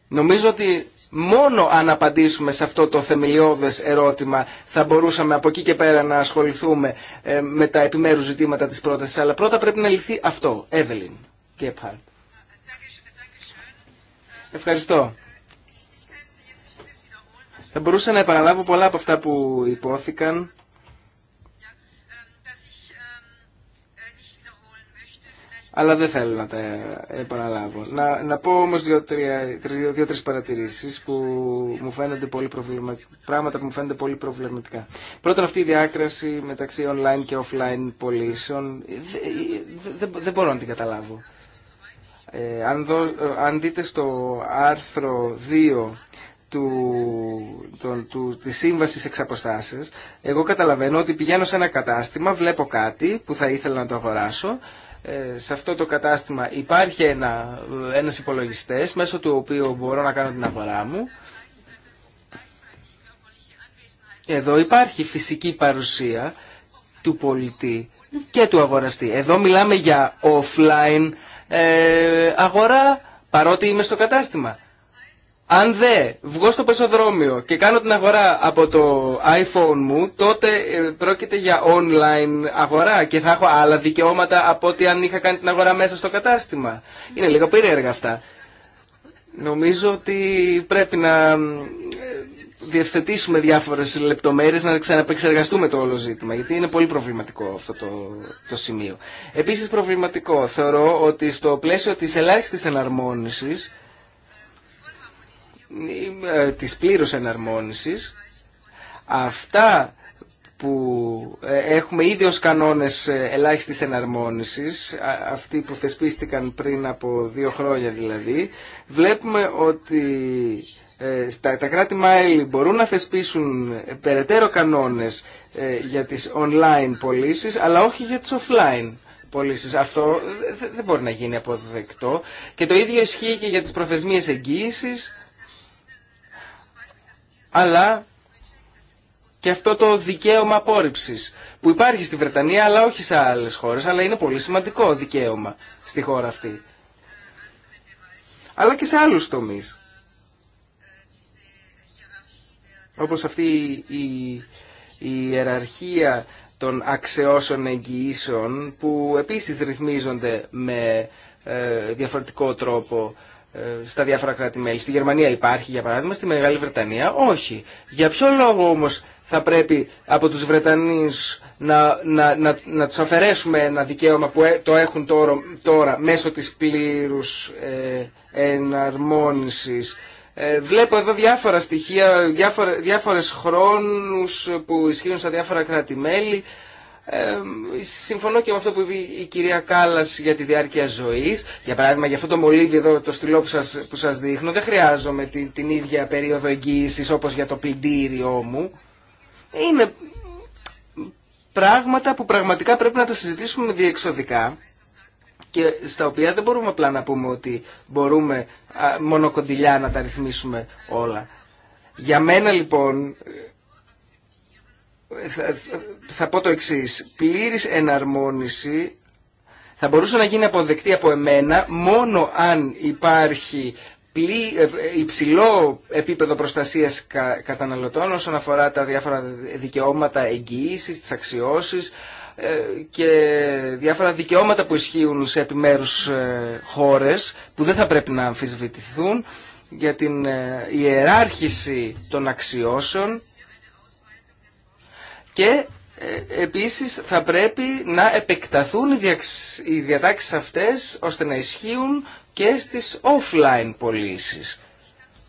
Νομίζω ότι μόνο αν απαντήσουμε σε αυτό το θεμελιώδες ερώτημα θα μπορούσαμε από εκεί και πέρα να ασχοληθούμε ε, με τα επιμέρους ζητήματα της πρότασης. Αλλά πρώτα πρέπει να λυθεί αυτό. Εύελιν Ευχαριστώ. Θα μπορούσα να επαναλάβω πολλά από αυτά που υπόθηκαν. Αλλά δεν θέλω να τα επαναλάβω. Να, πω όμως δύο-τρεις παρατηρήσεις που μου φαίνονται πολύ πράγματα που μου φαίνονται πολύ προβληματικά. Πρώτον αυτή η διάκραση μεταξύ online και offline πωλήσεων δεν μπορώ να την καταλάβω. Ε, αν, δείτε στο άρθρο 2 του, σύμβάση του, της σύμβασης εξ εγώ καταλαβαίνω ότι πηγαίνω σε ένα κατάστημα, βλέπω κάτι που θα ήθελα να το αγοράσω, ε, σε αυτό το κατάστημα υπάρχει ένα, ένας υπολογιστές μέσω του οποίου μπορώ να κάνω την αγορά μου. Εδώ υπάρχει φυσική παρουσία του πολιτή και του αγοραστή. Εδώ μιλάμε για offline ε, αγορά παρότι είμαι στο κατάστημα. Αν δε βγω στο πεζοδρόμιο και κάνω την αγορά από το iPhone μου, τότε ε, πρόκειται για online αγορά και θα έχω άλλα δικαιώματα από ότι αν είχα κάνει την αγορά μέσα στο κατάστημα. Είναι λίγο περίεργα αυτά. Νομίζω ότι πρέπει να διευθετήσουμε διάφορες λεπτομέρειες, να ξαναπεξεργαστούμε το όλο ζήτημα, γιατί είναι πολύ προβληματικό αυτό το, το σημείο. Επίσης προβληματικό θεωρώ ότι στο πλαίσιο της ελάχιστης εναρμόνισης, ε, της πλήρους εναρμόνισης, αυτά που ε, έχουμε ήδη ως κανόνες ε, ελάχιστης εναρμόνισης, αυτοί που θεσπίστηκαν πριν από δύο χρόνια δηλαδή, βλέπουμε ότι ε, στα, τα κράτη-μέλη μπορούν να θεσπίσουν ε, περαιτέρω κανόνες ε, για τις online πωλήσει, αλλά όχι για τις offline πωλήσει. Αυτό δεν μπορεί να γίνει αποδεκτό. Και το ίδιο ισχύει και για τις προθεσμίες εγγύησης, αλλά και αυτό το δικαίωμα απόρριψης που υπάρχει στη Βρετανία αλλά όχι σε άλλες χώρες, αλλά είναι πολύ σημαντικό δικαίωμα στη χώρα αυτή. Αλλά και σε άλλους τομείς. όπως αυτή η, η ιεραρχία των αξιώσεων εγγυήσεων που επίσης ρυθμίζονται με ε, διαφορετικό τρόπο ε, στα διάφορα κράτη-μέλη. Στη Γερμανία υπάρχει, για παράδειγμα, στη Μεγάλη Βρετανία όχι. Για ποιο λόγο όμως θα πρέπει από τους Βρετανείς να, να, να, να τους αφαιρέσουμε ένα δικαίωμα που ε, το έχουν τώρα, μέσω της πλήρους ε, ε, βλέπω εδώ διάφορα στοιχεία, διάφορε διάφορες χρόνους που ισχύουν στα διάφορα κράτη-μέλη. Ε, συμφωνώ και με αυτό που είπε η κυρία Κάλλας για τη διάρκεια ζωής. Για παράδειγμα, για αυτό το μολύβι εδώ, το στυλό που σας, που δείχνω, δεν χρειάζομαι την, την ίδια περίοδο εγγύησης όπως για το πλυντήριό μου. Είναι πράγματα που πραγματικά πρέπει να τα συζητήσουμε διεξοδικά και στα οποία δεν μπορούμε απλά να πούμε ότι μπορούμε μόνο κοντιλιά να τα ρυθμίσουμε όλα. Για μένα λοιπόν ε, θα, πω το εξής. Πλήρης εναρμόνιση θα μπορούσε να γίνει αποδεκτή από εμένα μόνο αν υπάρχει ε, υψηλό επίπεδο προστασίας καταναλωτών όσον αφορά τα διάφορα δικαιώματα εγγυήσεις, τις αξιώσεις, ε, και διάφορα δικαιώματα που ισχύουν σε επιμέρους ε, χώρες που δεν θα πρέπει να αμφισβητηθούν για την ε, ιεράρχηση των αξιώσεων και επίσης θα πρέπει να επεκταθούν οι διατάξεις αυτές ώστε να ισχύουν και στις offline πωλήσει.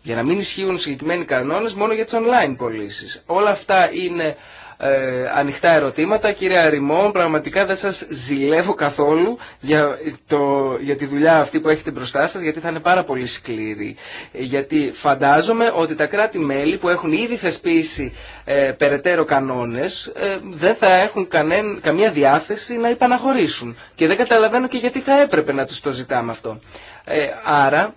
Για να μην ισχύουν συγκεκριμένοι κανόνες μόνο για τις online πωλήσει. Όλα αυτά είναι ε, ανοιχτά ερωτήματα. Κύριε Αριμόν, πραγματικά δεν σας ζηλεύω καθόλου για, το, για τη δουλειά αυτή που έχετε μπροστά σας, γιατί θα είναι πάρα πολύ σκληρή. Γιατί φαντάζομαι ότι τα κράτη-μέλη που έχουν ήδη θεσπίσει ε, περαιτέρω κανόνες ε, δεν θα έχουν κανέν, καμία διάθεση να υπαναχωρήσουν. Και δεν καταλαβαίνω και γιατί θα έπρεπε να τους το ζητάμε αυτό. Ε, άρα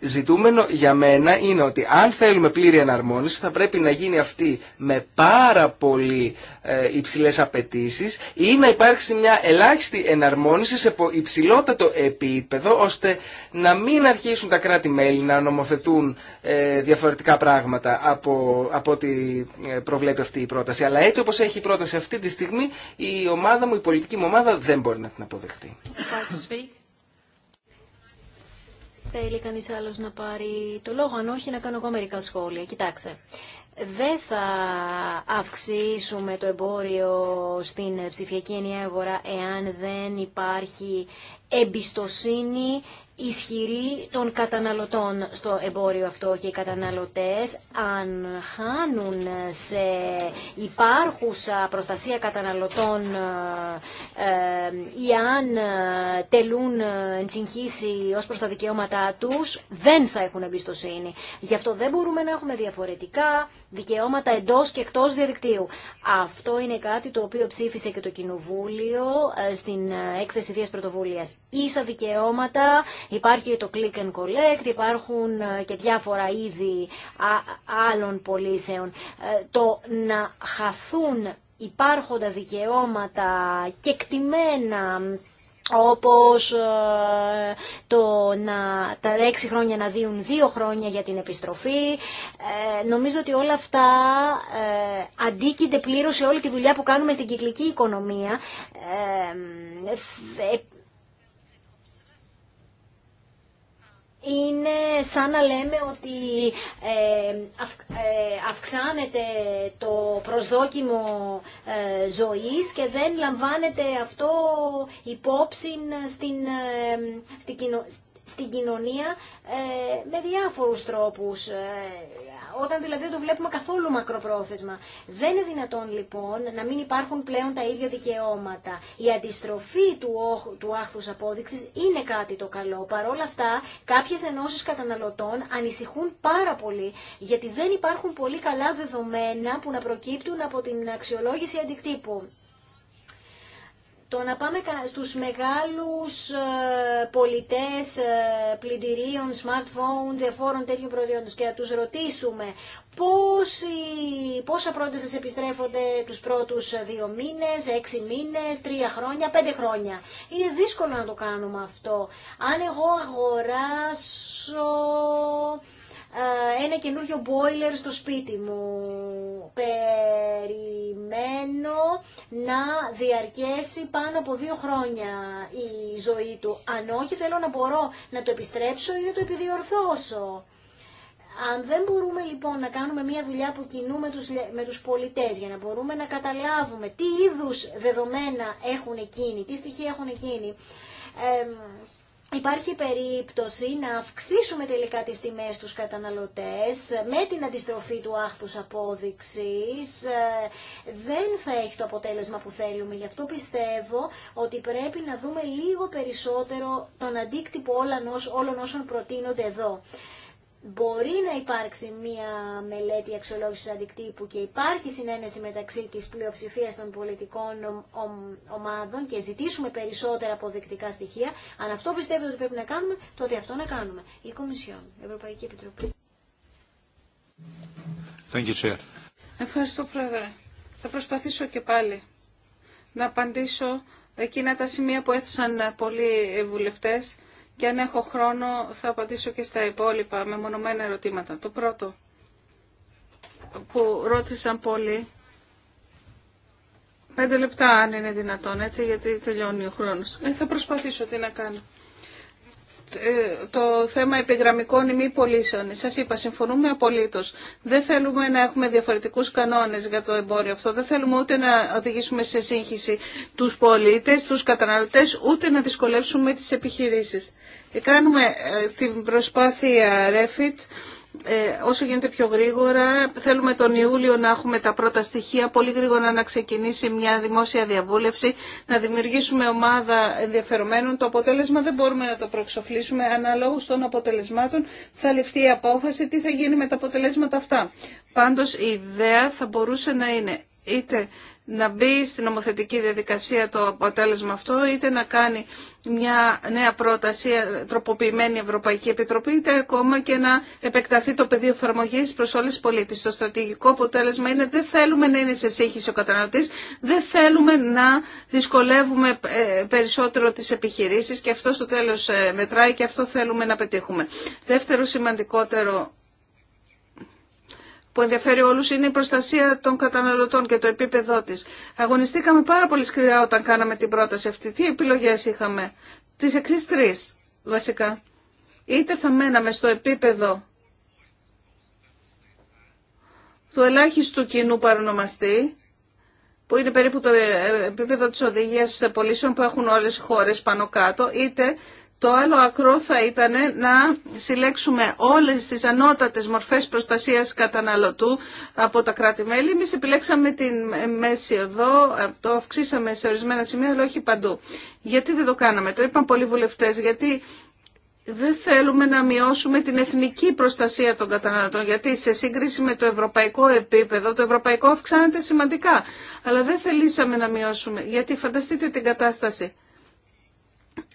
ζητούμενο για μένα είναι ότι αν θέλουμε πλήρη εναρμόνιση θα πρέπει να γίνει αυτή με πάρα πολύ ε, υψηλές απαιτήσεις ή να υπάρξει μια ελάχιστη εναρμόνιση σε υψηλότατο επίπεδο ώστε να μην αρχίσουν τα κράτη-μέλη να νομοθετούν ε, διαφορετικά πράγματα από, από ό,τι ε, προβλέπει αυτή η πρόταση. Αλλά έτσι όπως έχει η πρόταση αυτή τη στιγμή η ομάδα μου, η πολιτική μου ομάδα δεν μπορεί να την αποδεχτεί. Θέλει κανείς άλλος να πάρει το λόγο, αν όχι να κάνω εγώ μερικά σχόλια. Κοιτάξτε, δεν θα αυξήσουμε το εμπόριο στην ψηφιακή ενιαία αγορά εάν δεν υπάρχει εμπιστοσύνη ισχυρή των καταναλωτών στο εμπόριο αυτό και οι καταναλωτές αν χάνουν σε υπάρχουσα προστασία καταναλωτών ε, ε, ή αν ε, τελούν συγχύσει ως προς τα δικαιώματά τους δεν θα έχουν εμπιστοσύνη. Γι' αυτό δεν μπορούμε να έχουμε διαφορετικά δικαιώματα εντός και εκτός διαδικτύου. Αυτό είναι κάτι το οποίο ψήφισε και το Κοινοβούλιο στην έκθεση Δίας Πρωτοβουλίας ίσα δικαιώματα, υπάρχει το click and collect, υπάρχουν ε, και διάφορα είδη άλλων πολίσεων. Ε, το να χαθούν υπάρχοντα δικαιώματα και κτημένα όπως ε, το να τα έξι χρόνια να δίνουν δύο χρόνια για την επιστροφή. Ε, νομίζω ότι όλα αυτά ε, αντίκειται πλήρως σε όλη τη δουλειά που κάνουμε στην κυκλική οικονομία. Ε, είναι σαν να λέμε ότι ε, ε, αυξάνεται το προσδόκιμο ε, ζωής και δεν λαμβάνεται αυτό υπόψη στην, στην, στην κοινωνία ε, με διάφορους τρόπους, ε, όταν δηλαδή δεν το βλέπουμε καθόλου μακροπρόθεσμα. Δεν είναι δυνατόν λοιπόν να μην υπάρχουν πλέον τα ίδια δικαιώματα. Η αντιστροφή του, του άχθους απόδειξης είναι κάτι το καλό. Παρ' όλα αυτά κάποιες ενώσεις καταναλωτών ανησυχούν πάρα πολύ γιατί δεν υπάρχουν πολύ καλά δεδομένα που να προκύπτουν από την αξιολόγηση αντικτύπου. Το να πάμε στους μεγάλους ε, πολιτές ε, πλυντηρίων, smartphone, διαφόρων τέτοιων προϊόντων και να τους ρωτήσουμε πόσα πρώτα σας επιστρέφονται τους πρώτους δύο μήνες, έξι μήνες, τρία χρόνια, πέντε χρόνια. Είναι δύσκολο να το κάνουμε αυτό. Αν εγώ αγοράσω ένα καινούριο boiler στο σπίτι μου. Περιμένω να διαρκέσει πάνω από δύο χρόνια η ζωή του. Αν όχι θέλω να μπορώ να το επιστρέψω ή να το επιδιορθώσω. Αν δεν μπορούμε λοιπόν να κάνουμε μια δουλειά που κινούμε τους, με τους πολιτές για να μπορούμε να καταλάβουμε τι είδους δεδομένα έχουν εκείνοι, τι στοιχεία έχουν εκείνοι, Υπάρχει περίπτωση να αυξήσουμε τελικά τις τιμές τους καταναλωτές με την αντιστροφή του άχθους απόδειξης. Δεν θα έχει το αποτέλεσμα που θέλουμε. Γι' αυτό πιστεύω ότι πρέπει να δούμε λίγο περισσότερο τον αντίκτυπο όλων όσων προτείνονται εδώ μπορεί να υπάρξει μία μελέτη αξιολόγησης αντικτύπου και υπάρχει συνένεση μεταξύ της πλειοψηφίας των πολιτικών ομάδων και ζητήσουμε περισσότερα αποδεικτικά στοιχεία, αν αυτό πιστεύετε ότι πρέπει να κάνουμε, τότε αυτό να κάνουμε. Η Κομισιόν, η Ευρωπαϊκή Επιτροπή. Thank you, Ευχαριστώ, Πρόεδρε. Θα προσπαθήσω και πάλι να απαντήσω εκείνα τα σημεία που έθεσαν πολλοί βουλευτές και αν έχω χρόνο θα απαντήσω και στα υπόλοιπα με μονομένα ερωτήματα. Το πρώτο που ρώτησαν πολύ, πέντε λεπτά αν είναι δυνατόν έτσι γιατί τελειώνει ο χρόνος. Ε, θα προσπαθήσω τι να κάνω. Ε, το θέμα επιγραμμικών ή μη Σας είπα, συμφωνούμε απολύτως. Δεν θέλουμε να έχουμε διαφορετικούς κανόνες για το εμπόριο αυτό. Δεν θέλουμε ούτε να οδηγήσουμε σε σύγχυση τους πολίτες, τους καταναλωτές, ούτε να δυσκολεύσουμε τις επιχειρήσεις. Κάνουμε ε, την προσπάθεια REFIT ε, όσο γίνεται πιο γρήγορα. Θέλουμε τον Ιούλιο να έχουμε τα πρώτα στοιχεία, πολύ γρήγορα να ξεκινήσει μια δημόσια διαβούλευση, να δημιουργήσουμε ομάδα ενδιαφερομένων. Το αποτέλεσμα δεν μπορούμε να το προεξοφλήσουμε. Αναλόγως των αποτελεσμάτων θα ληφθεί η απόφαση τι θα γίνει με τα αποτελέσματα αυτά. Πάντως η ιδέα θα μπορούσε να είναι είτε να μπει στην νομοθετική διαδικασία το αποτέλεσμα αυτό, είτε να κάνει μια νέα πρόταση τροποποιημένη Ευρωπαϊκή Επιτροπή, είτε ακόμα και να επεκταθεί το πεδίο εφαρμογή προ όλε τι πολίτε. Το στρατηγικό αποτέλεσμα είναι δεν θέλουμε να είναι σε σύγχυση ο καταναλωτή, δεν θέλουμε να δυσκολεύουμε ε, περισσότερο τι επιχειρήσει και αυτό στο τέλο ε, μετράει και αυτό θέλουμε να πετύχουμε. Δεύτερο σημαντικότερο που ενδιαφέρει όλου είναι η προστασία των καταναλωτών και το επίπεδό τη. Αγωνιστήκαμε πάρα πολύ σκληρά όταν κάναμε την πρόταση αυτή. Τι επιλογέ είχαμε. τι εξή τρει. βασικά. Είτε θα μέναμε στο επίπεδο του ελάχιστου κοινού παρονομαστή, που είναι περίπου το επίπεδο της οδηγίας πωλήσεων που έχουν όλες οι χώρες πάνω κάτω, είτε το άλλο ακρό θα ήταν να συλλέξουμε όλες τις ανώτατες μορφές προστασίας καταναλωτού από τα κράτη-μέλη. Εμείς επιλέξαμε την μέση εδώ, το αυξήσαμε σε ορισμένα σημεία, αλλά όχι παντού. Γιατί δεν το κάναμε, το είπαν πολλοί βουλευτές, γιατί δεν θέλουμε να μειώσουμε την εθνική προστασία των καταναλωτών, γιατί σε σύγκριση με το ευρωπαϊκό επίπεδο, το ευρωπαϊκό αυξάνεται σημαντικά. Αλλά δεν θελήσαμε να μειώσουμε, γιατί φανταστείτε την κατάσταση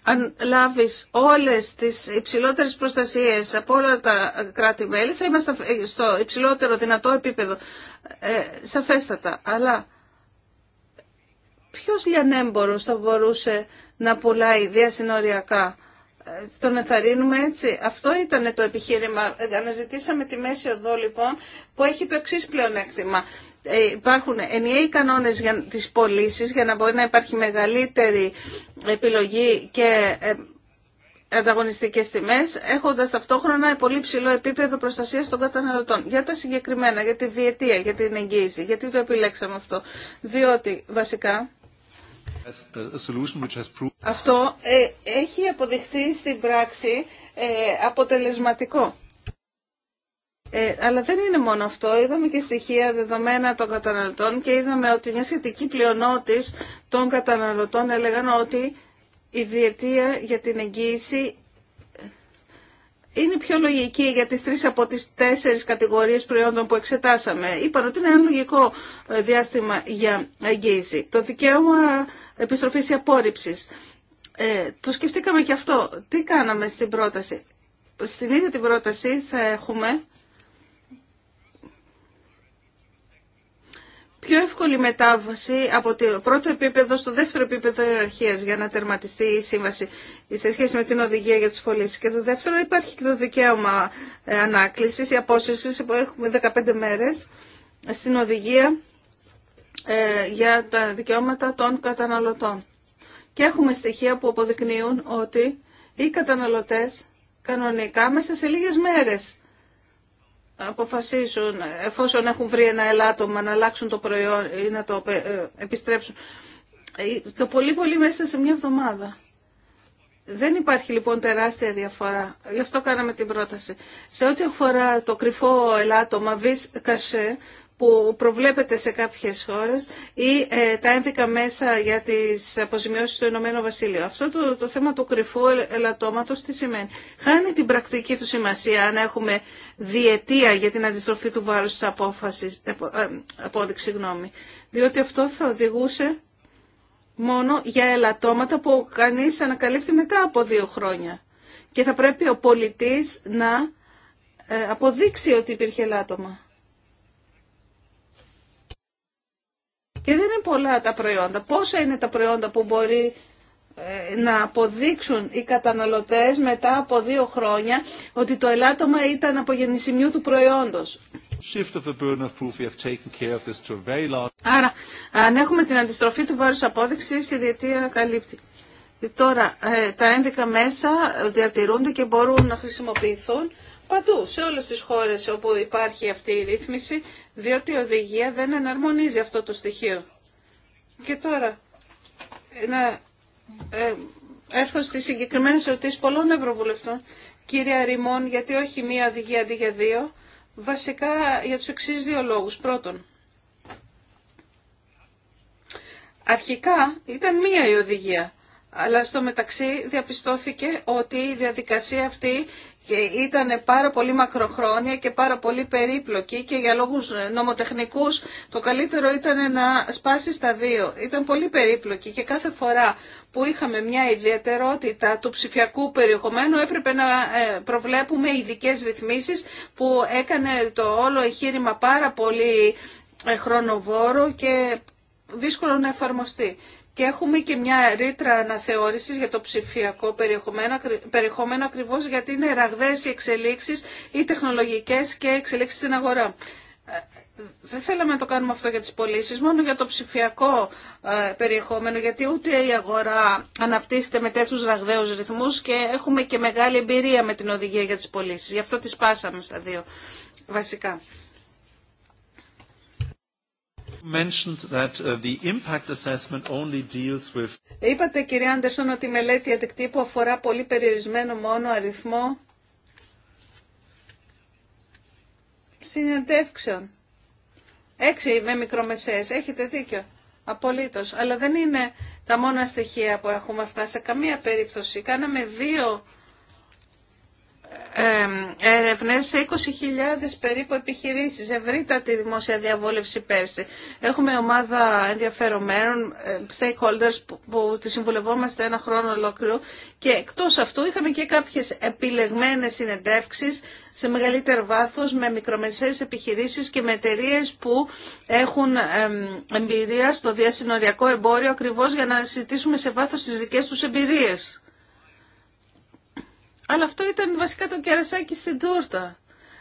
αν λάβει όλες τι υψηλότερε προστασίε από όλα τα κράτη-μέλη, θα είμαστε στο υψηλότερο δυνατό επίπεδο, ε, σαφέστατα. Αλλά ποιος λιανέμπορο θα μπορούσε να πουλάει διασυνοριακά. Ε, τον ενθαρρύνουμε έτσι. Αυτό ήταν το επιχείρημα. Ε, αναζητήσαμε τη μέση οδό λοιπόν που έχει το εξή πλεονέκτημα. Ε, υπάρχουν ενιαίοι κανόνες για τις πωλήσει για να μπορεί να υπάρχει μεγαλύτερη επιλογή και ε, ανταγωνιστικές τιμές, έχοντας ταυτόχρονα πολύ ψηλό επίπεδο προστασίας των καταναλωτών. Για τα συγκεκριμένα, για τη διετία, για την εγγύηση, γιατί το επιλέξαμε αυτό. Διότι βασικά αυτό ε, έχει αποδειχθεί στην πράξη αποτελεσματικό. Ε, αλλά δεν είναι μόνο αυτό. Είδαμε και στοιχεία δεδομένα των καταναλωτών και είδαμε ότι μια σχετική πλειονότητα των καταναλωτών έλεγαν ότι η διετία για την εγγύηση είναι πιο λογική για τις τρεις από τις τέσσερις κατηγορίες προϊόντων που εξετάσαμε. Είπαν ότι είναι ένα λογικό ε, διάστημα για εγγύηση. Το δικαίωμα επιστροφής ή απόρριψης. Ε, το σκεφτήκαμε και αυτό. Τι κάναμε στην πρόταση. Στην ίδια την πρόταση θα έχουμε πιο εύκολη μετάβαση από το πρώτο επίπεδο στο δεύτερο επίπεδο ιεραρχίας για να τερματιστεί η σύμβαση σε σχέση με την οδηγία για τις πωλήσει. Και το δεύτερο υπάρχει και το δικαίωμα ε, ανάκλησης ή απόσυρσης που έχουμε 15 μέρες στην οδηγία ε, για τα δικαιώματα των καταναλωτών. Και έχουμε στοιχεία που αποδεικνύουν ότι οι καταναλωτές κανονικά μέσα σε λίγες μέρες αποφασίσουν εφόσον έχουν βρει ένα ελάττωμα να αλλάξουν το προϊόν ή να το ε, επιστρέψουν. Ε, το πολύ πολύ μέσα σε μια εβδομάδα. Δεν υπάρχει λοιπόν τεράστια διαφορά. Γι' αυτό κάναμε την πρόταση. Σε ό,τι αφορά το κρυφό ελάττωμα, βις κασέ, που προβλέπεται σε κάποιες χώρες ή ε, τα ένδικα μέσα για τις αποζημιώσεις του Ηνωμένο Βασίλειο, Αυτό το, το θέμα του κρυφού ελαττώματος τι σημαίνει. Χάνει την πρακτική του σημασία αν έχουμε διετία για την αντιστροφή του βάρους της απόφασης, ε, απόδειξη γνώμη. Διότι αυτό θα οδηγούσε μόνο για ελαττώματα που κανείς ανακαλύπτει μετά από δύο χρόνια. Και θα πρέπει ο πολιτής να ε, αποδείξει ότι υπήρχε ελάττωμα. Και δεν είναι πολλά τα προϊόντα. Πόσα είναι τα προϊόντα που μπορεί ε, να αποδείξουν οι καταναλωτές μετά από δύο χρόνια ότι το ελάττωμα ήταν από γεννησιμιού του προϊόντος. Άρα, αν έχουμε την αντιστροφή του βάρους απόδειξης, η διετία καλύπτει. Ε, τώρα, ε, τα ένδικα μέσα διατηρούνται και μπορούν να χρησιμοποιηθούν παντού, σε όλες τις χώρες όπου υπάρχει αυτή η ρύθμιση, διότι η οδηγία δεν εναρμονίζει αυτό το στοιχείο. Και τώρα, να ε, έρθω στι συγκεκριμένε ερωτήσει πολλών ευρωβουλευτών. Κύριε Αριμόν γιατί όχι μία οδηγία αντί για δύο, βασικά για τους εξή δύο λόγου Πρώτον, αρχικά ήταν μία η οδηγία αλλά στο μεταξύ διαπιστώθηκε ότι η διαδικασία αυτή ήταν πάρα πολύ μακροχρόνια και πάρα πολύ περίπλοκη και για λόγους νομοτεχνικούς το καλύτερο ήταν να σπάσει στα δύο. Ήταν πολύ περίπλοκη και κάθε φορά που είχαμε μια ιδιαιτερότητα του ψηφιακού περιεχομένου έπρεπε να ε, προβλέπουμε ειδικέ ρυθμίσεις που έκανε το όλο εγχείρημα πάρα πολύ ε, χρονοβόρο και δύσκολο να εφαρμοστεί. Και έχουμε και μια ρήτρα αναθεώρηση για το ψηφιακό περιεχόμενο, περιεχόμενο ακριβώς γιατί είναι ραγδαίε οι εξελίξεις, οι τεχνολογικές και εξελίξει στην αγορά. Ε, δεν θέλαμε να το κάνουμε αυτό για τις πωλήσει, μόνο για το ψηφιακό ε, περιεχόμενο, γιατί ούτε η αγορά αναπτύσσεται με τέτοιους ραγδαίους ρυθμούς και έχουμε και μεγάλη εμπειρία με την οδηγία για τις πωλήσει. Γι' αυτό τις πάσαμε στα δύο βασικά. Uh, Είπατε κύριε Άντερσον ότι η μελέτη αντικτύπου αφορά πολύ περιορισμένο μόνο αριθμό συνεντεύξεων. Έξι με μικρομεσαίες. Έχετε δίκιο. Απολύτως. Αλλά δεν είναι τα μόνα στοιχεία που έχουμε αυτά σε καμία περίπτωση. Κάναμε δύο ε, Έρευνε σε 20.000 περίπου επιχειρήσεις. Ευρύτατη δημόσια διαβόλευση πέρσι. Έχουμε ομάδα ενδιαφερομένων, ε, stakeholders που, που τη συμβουλευόμαστε ένα χρόνο ολόκληρο και εκτός αυτού είχαμε και κάποιες επιλεγμένες συνεντεύξεις σε μεγαλύτερο βάθος με μικρομεσαίες επιχειρήσεις και με εταιρείε που έχουν εμπειρία στο διασυνοριακό εμπόριο ακριβώς για να συζητήσουμε σε βάθος τις δικές τους εμπειρίες. Αλλά αυτό ήταν βασικά το κερασάκι στην τούρτα.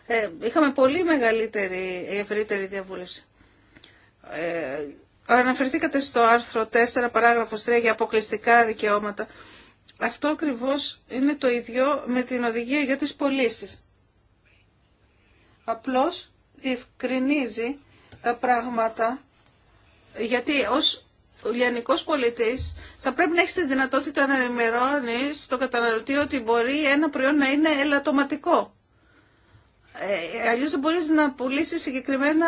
Ε, είχαμε πολύ μεγαλύτερη, ευρύτερη διαβούλευση. Ε, αναφερθήκατε στο άρθρο 4, παράγραφος 3 για αποκλειστικά δικαιώματα. Αυτό ακριβώς είναι το ίδιο με την οδηγία για τις πωλήσει. Απλώς διευκρινίζει τα πράγματα, γιατί ως ο λιανικός πολιτής θα πρέπει να έχει τη δυνατότητα να ενημερώνει στο καταναλωτή ότι μπορεί ένα προϊόν να είναι ελαττωματικό. Ε, αλλιώς δεν μπορείς να πουλήσει συγκεκριμένα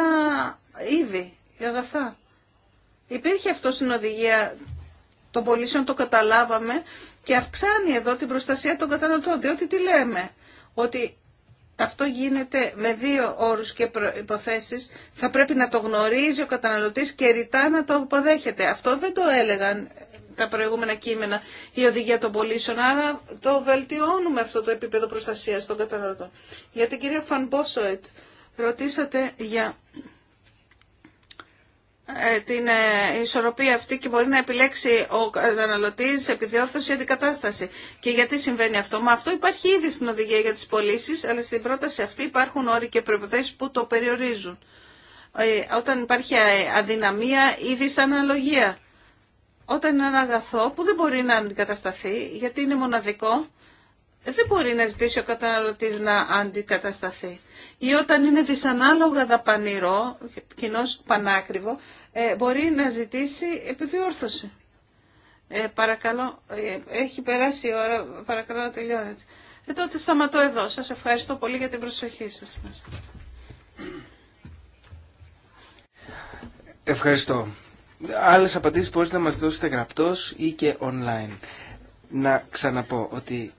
είδη, αγαθά. Υπήρχε αυτό στην οδηγία των πωλήσεων, το καταλάβαμε και αυξάνει εδώ την προστασία των καταναλωτών, διότι τι λέμε, ότι αυτό γίνεται με δύο όρους και υποθέσεις, θα πρέπει να το γνωρίζει ο καταναλωτής και ρητά να το αποδέχεται. Αυτό δεν το έλεγαν τα προηγούμενα κείμενα η οδηγία των πωλήσεων, άρα το βελτιώνουμε αυτό το επίπεδο προστασίας των καταναλωτών. Γιατί την κυρία Φανπόσοετ, ρωτήσατε για ε, την ε, ισορροπία αυτή και μπορεί να επιλέξει ο καταναλωτή επιδιόρθωση ή αντικατάσταση. Και γιατί συμβαίνει αυτό. Μα αυτό υπάρχει ήδη στην οδηγία για τι πωλήσει, αλλά στην πρόταση αυτή υπάρχουν όροι και προποθέσει που το περιορίζουν. Ε, όταν υπάρχει αδυναμία ή δυσαναλογία. Όταν είναι ένα αγαθό που δεν μπορεί να αντικατασταθεί, γιατί είναι μοναδικό, δεν μπορεί να ζητήσει ο καταναλωτής να αντικατασταθεί ή όταν είναι δυσανάλογα δαπανηρό, κοινώ πανάκριβο, ε, μπορεί να ζητήσει επιδιόρθωση. Ε, παρακαλώ, ε, έχει περάσει η ώρα, κοινο πανακριβο μπορει να τελειώνετε. Ε, τότε σταματώ εδώ. Σας ευχαριστώ πολύ για την προσοχή σας. Ευχαριστώ. Άλλες απαντήσεις μπορείτε να μας δώσετε γραπτός ή και online. Να ξαναπώ ότι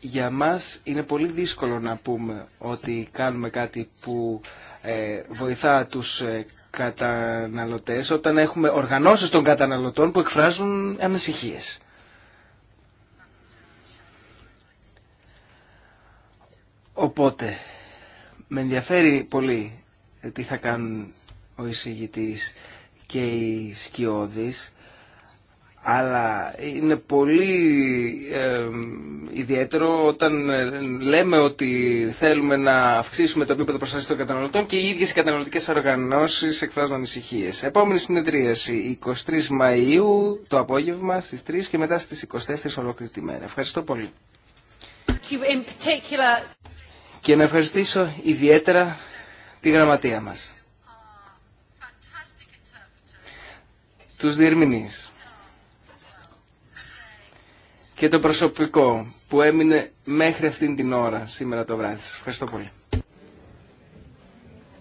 για μας είναι πολύ δύσκολο να πούμε ότι κάνουμε κάτι που ε, βοηθά τους ε, καταναλωτές όταν έχουμε οργανώσεις των καταναλωτών που εκφράζουν ανησυχίες. Οπότε, με ενδιαφέρει πολύ τι θα κάνουν ο εισηγητής και οι σκιώδεις αλλά είναι πολύ ιδιαίτερο όταν ε, λέμε ότι θέλουμε να αυξήσουμε το επίπεδο προστασίας των καταναλωτών και οι ίδιες οι καταναλωτικές οργανώσεις εκφράζουν ανησυχίε. Επόμενη συνεδρίαση 23 Μαΐου το απόγευμα στις 3 και μετά στις 24 ολόκληρη τη μέρα. Ευχαριστώ πολύ. Και να ευχαριστήσω ιδιαίτερα τη γραμματεία μας. Ah, Τους διερμηνείς και το προσωπικό που έμεινε μέχρι αυτήν την ώρα σήμερα το βράδυ. Σας ευχαριστώ πολύ.